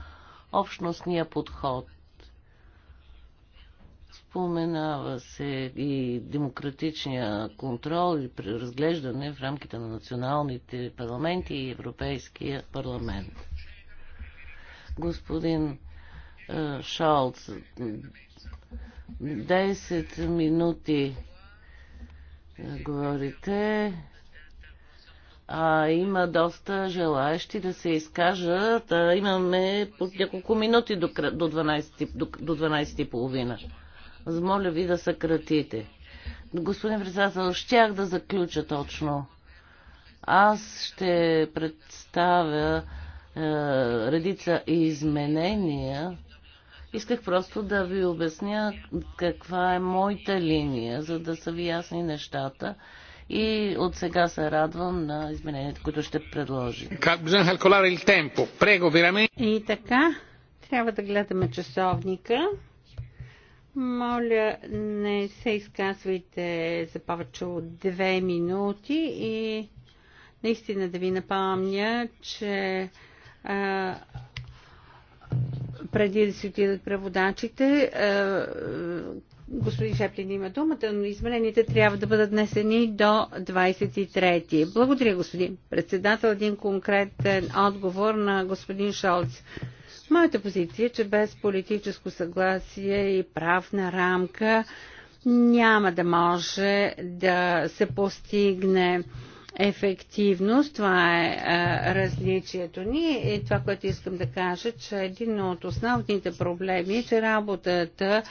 общностния подход – Споменава се и демократичния контрол и преразглеждане в рамките на националните парламенти и Европейския парламент. Господин е, Шолц, 10 минути е, говорите. А, има доста желаящи да се изкажат. А, имаме по няколко минути до, до 12.30. До 12 моля ви да съкратите. Господин председател, щях да заключа точно. Аз ще представя е, редица изменения. Исках просто да ви обясня каква е моята линия, за да са ви ясни нещата. И от сега се радвам на измененията, които ще предложи. Е И така, трябва да гледаме часовника. Моля, не се изказвайте за повече от две минути и наистина да ви напомня, че а, преди да си отидат преводачите, а, господин Шеплин има думата, но измерените трябва да бъдат внесени до 23. ти Благодаря, господин председател. Един конкретен отговор на господин Шолц. Моята позиция е, че без политическо съгласие и правна рамка няма да може да се постигне ефективност. Това е различието ни и това, което искам да кажа, че един от основните проблеми е, че работата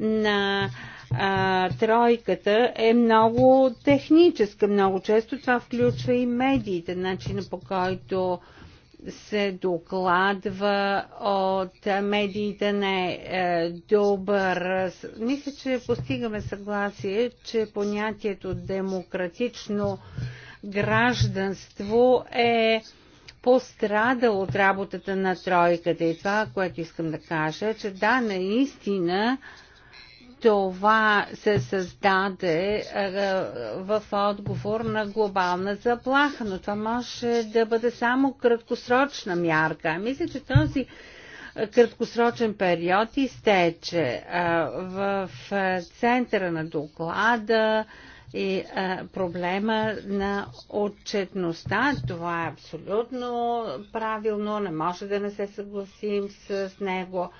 на а, тройката е много техническа. Много често това включва и медиите, начина по който се докладва от медиите не е, е добър. Мисля, че постигаме съгласие, че понятието демократично гражданство е пострадал от работата на тройката. И това, което искам да кажа, е, че да, наистина това се създаде е, в отговор на глобална заплаха, но това може да бъде само краткосрочна мярка. Мисля, че този е, краткосрочен период изтече. Е, в центъра на доклада и проблема на отчетността. Това е абсолютно правилно, не може да не се съгласим с него.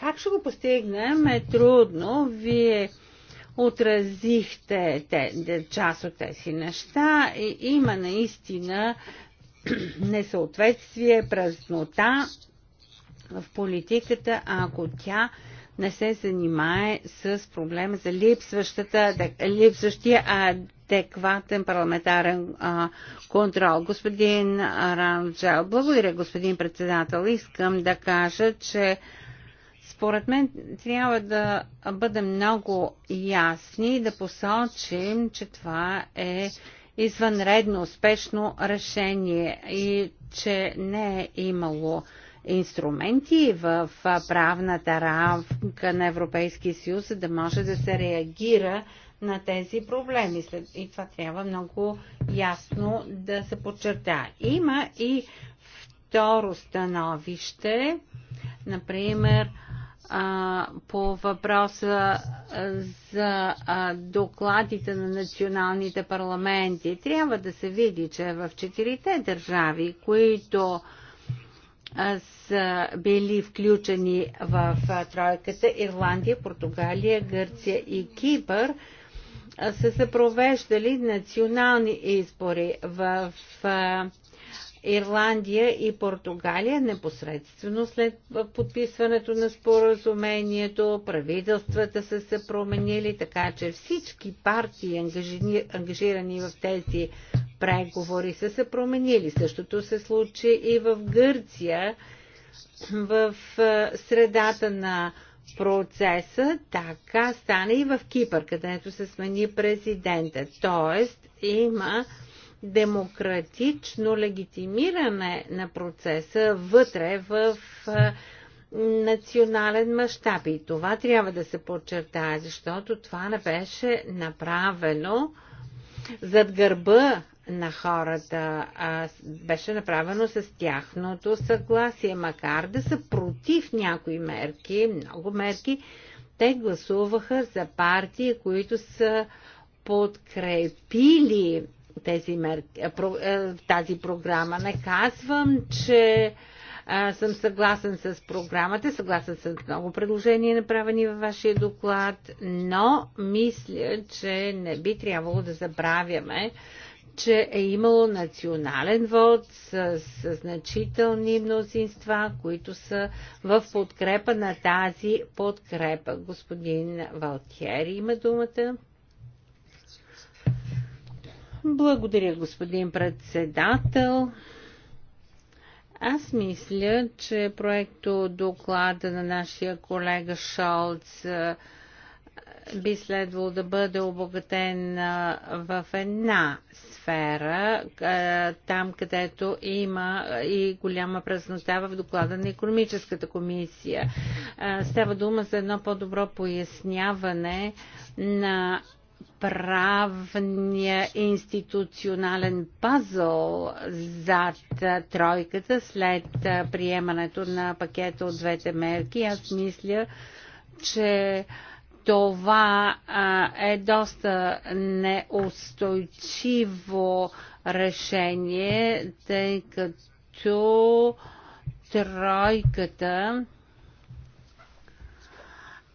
Как ще го постигнем е трудно. Вие отразихте те, част от тези неща и има наистина несъответствие, празнота в политиката, ако тя не се занимае с проблема за липсващата, липсващия адекватен парламентарен а, контрол. Господин Ранджел, благодаря, господин председател. Искам да кажа, че според мен трябва да бъдем много ясни и да посочим, че това е извънредно успешно решение и че не е имало инструменти в правната рамка на Европейския съюз, за да може да се реагира на тези проблеми. И това трябва много ясно да се подчерта. Има и второ становище, например, а, по въпроса за а, докладите на националните парламенти. Трябва да се види, че в четирите държави, които са били включени в тройката Ирландия, Португалия, Гърция и Кипър, са се провеждали национални избори в а, Ирландия и Португалия непосредствено след подписването на споразумението. Правителствата са се променили, така че всички партии, ангажирани в тези преговори, са се променили. Същото се случи и в Гърция в средата на процеса, така стана и в Кипър, където се смени президента. Тоест има демократично легитимиране на процеса вътре в национален мащаб. И това трябва да се подчертае, защото това не беше направено зад гърба на хората, а беше направено с тяхното съгласие, макар да са против някои мерки, много мерки, те гласуваха за партии, които са подкрепили тези мерки, тази програма. Не казвам, че съм съгласен с програмата, съгласен с много предложения, направени във вашия доклад, но мисля, че не би трябвало да забравяме, че е имало национален вод с, с значителни мнозинства, които са в подкрепа на тази подкрепа. Господин Валтиери има думата. Благодаря, господин председател. Аз мисля, че проекто доклада на нашия колега Шолц би следвало да бъде обогатен в една сфера, там където има и голяма празнота в доклада на економическата комисия. Става дума за едно по-добро поясняване на правния институционален пазъл зад тройката след приемането на пакета от двете мерки. Аз мисля, че това е доста неустойчиво решение, тъй като тройката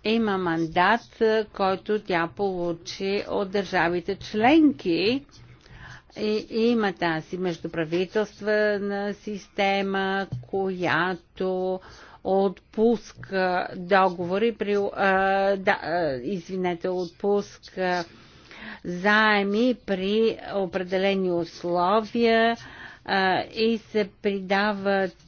има мандат, е, който тя получи от държавите членки. И, има тази междуправителствена система, която отпуска договори, при, а, е, да, е, извинете, отпуска заеми при определени условия и се придават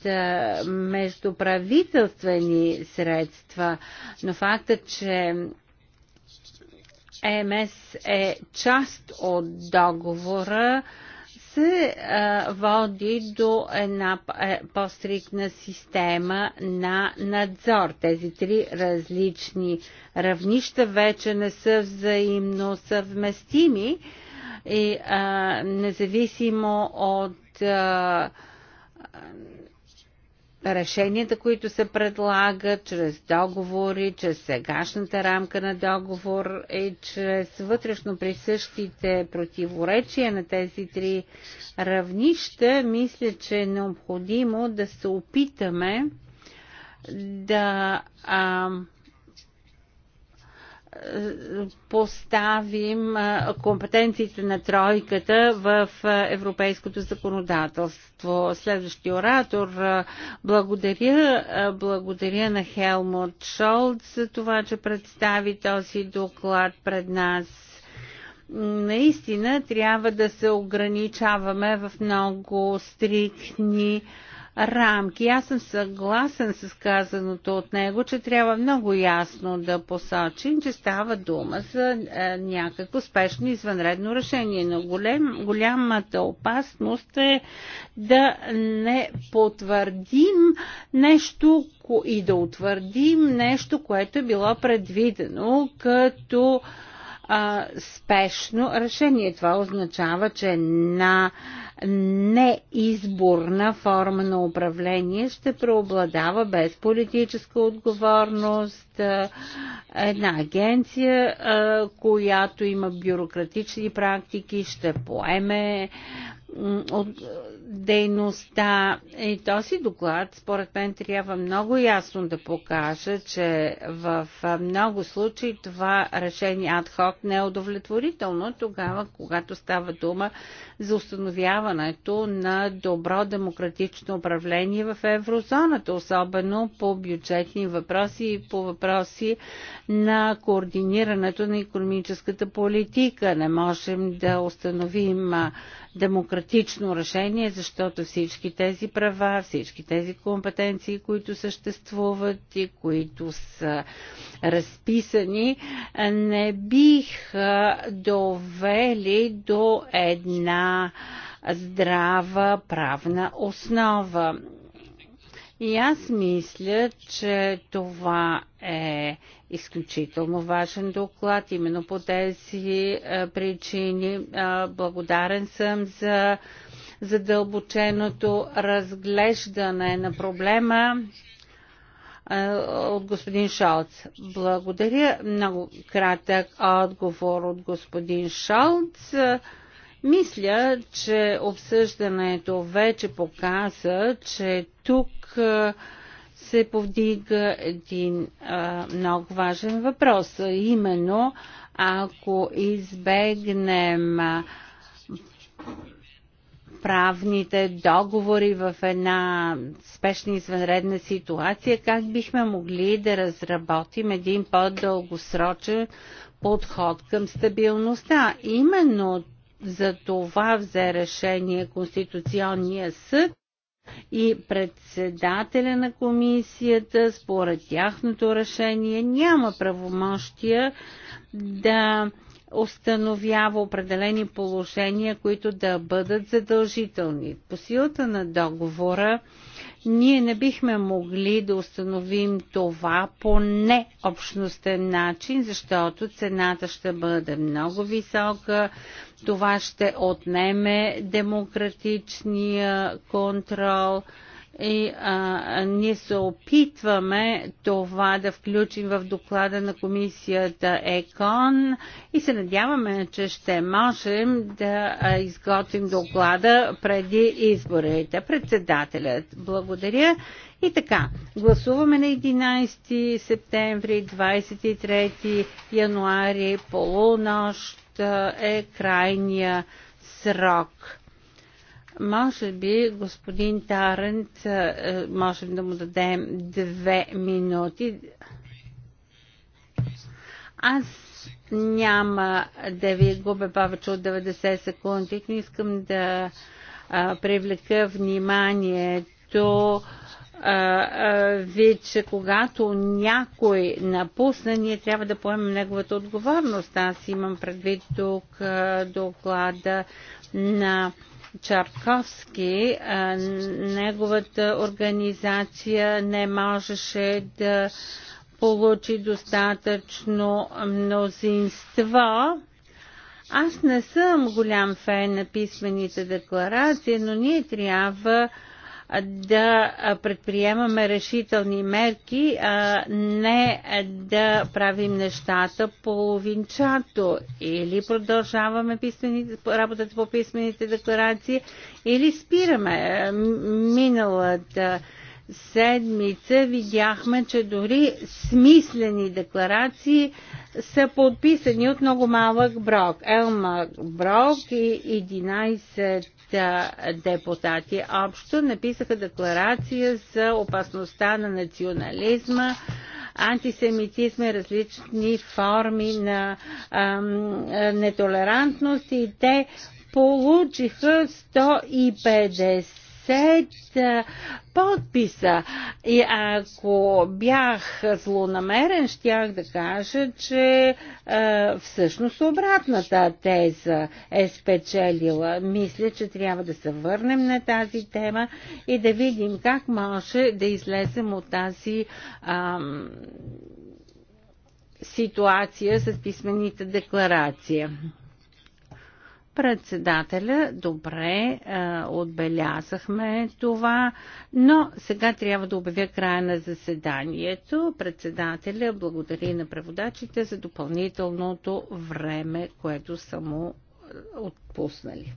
междуправителствени средства. Но фактът, че ЕМС е част от договора, се води до една е, по-стрикна система на надзор. Тези три различни равнища вече не са взаимно съвместими и а, независимо от а, решенията, които се предлагат чрез договори, чрез сегашната рамка на договор и чрез вътрешно присъщите противоречия на тези три равнища, мисля, че е необходимо да се опитаме да а, поставим компетенциите на тройката в европейското законодателство. Следващия оратор. Благодаря, благодаря на Хелмут Шолц за това, че представи този доклад пред нас наистина трябва да се ограничаваме в много стриктни рамки. Аз съм съгласен с казаното от него, че трябва много ясно да посочим, че става дума за е, някакво спешно извънредно решение. Но голем, голямата опасност е да не потвърдим нещо и да утвърдим нещо, което е било предвидено като а, спешно решение. Това означава, че на неизборна форма на управление ще преобладава без политическа отговорност а, една агенция, а, която има бюрократични практики, ще поеме от е, дейността. И този доклад, според мен, трябва много ясно да покаже, че в е, много случаи това решение адхок не е удовлетворително тогава, когато става дума за установяването на добро демократично управление в еврозоната, особено по бюджетни въпроси и по въпроси на координирането на економическата политика. Не можем да установим е, демократично решение, защото всички тези права, всички тези компетенции, които съществуват и които са разписани, не биха довели до една здрава правна основа. И аз мисля, че това е изключително важен доклад. Именно по тези е, причини е, благодарен съм за задълбоченото разглеждане на проблема е, от господин Шолц. Благодаря. Много кратък отговор от господин Шолц. Мисля, че обсъждането вече показа, че тук се повдига един а, много важен въпрос. Именно ако избегнем правните договори в една спешна извънредна ситуация, как бихме могли да разработим един по-дългосрочен подход към стабилността. Именно за това взе решение Конституционния съд и председателя на комисията, според тяхното решение, няма правомощия да установява определени положения, които да бъдат задължителни. По силата на договора, ние не бихме могли да установим това по необщностен начин, защото цената ще бъде много висока. Това ще отнеме демократичния контрол. И а, ние се опитваме това да включим в доклада на комисията ЕКОН и се надяваме, че ще можем да изготвим доклада преди изборите. Председателят, благодаря. И така, гласуваме на 11 септември, 23 януари, полунощ е крайния срок. Може би господин Тарент, е, можем да му дадем две минути. Аз няма да ви губя повече от 90 секунди. Не искам да а, е, привлека вниманието а, е, а, ви, че когато някой напусне, ние трябва да поемем неговата отговорност. Аз имам предвид тук а, доклада на а, Чарковски, неговата организация не можеше да получи достатъчно мнозинство. Аз не съм голям фен на писмените декларации, но ние трябва да предприемаме решителни мерки, а не да правим нещата половинчато или продължаваме работата по писмените декларации или спираме. Миналата седмица видяхме, че дори смислени декларации са подписани от много малък брок. Елма Брок и 11 депутати общо написаха декларация за опасността на национализма, антисемитизма и различни форми на ам, нетолерантност и те получиха 150 50 подписа. И ако бях злонамерен, щях да кажа, че е, всъщност обратната теза е спечелила. Мисля, че трябва да се върнем на тази тема и да видим как може да излезем от тази. Е, ситуация с писмените декларации. Председателя, добре, а, отбелязахме това, но сега трябва да обявя края на заседанието. Председателя благодари на преводачите за допълнителното време, което са му отпуснали.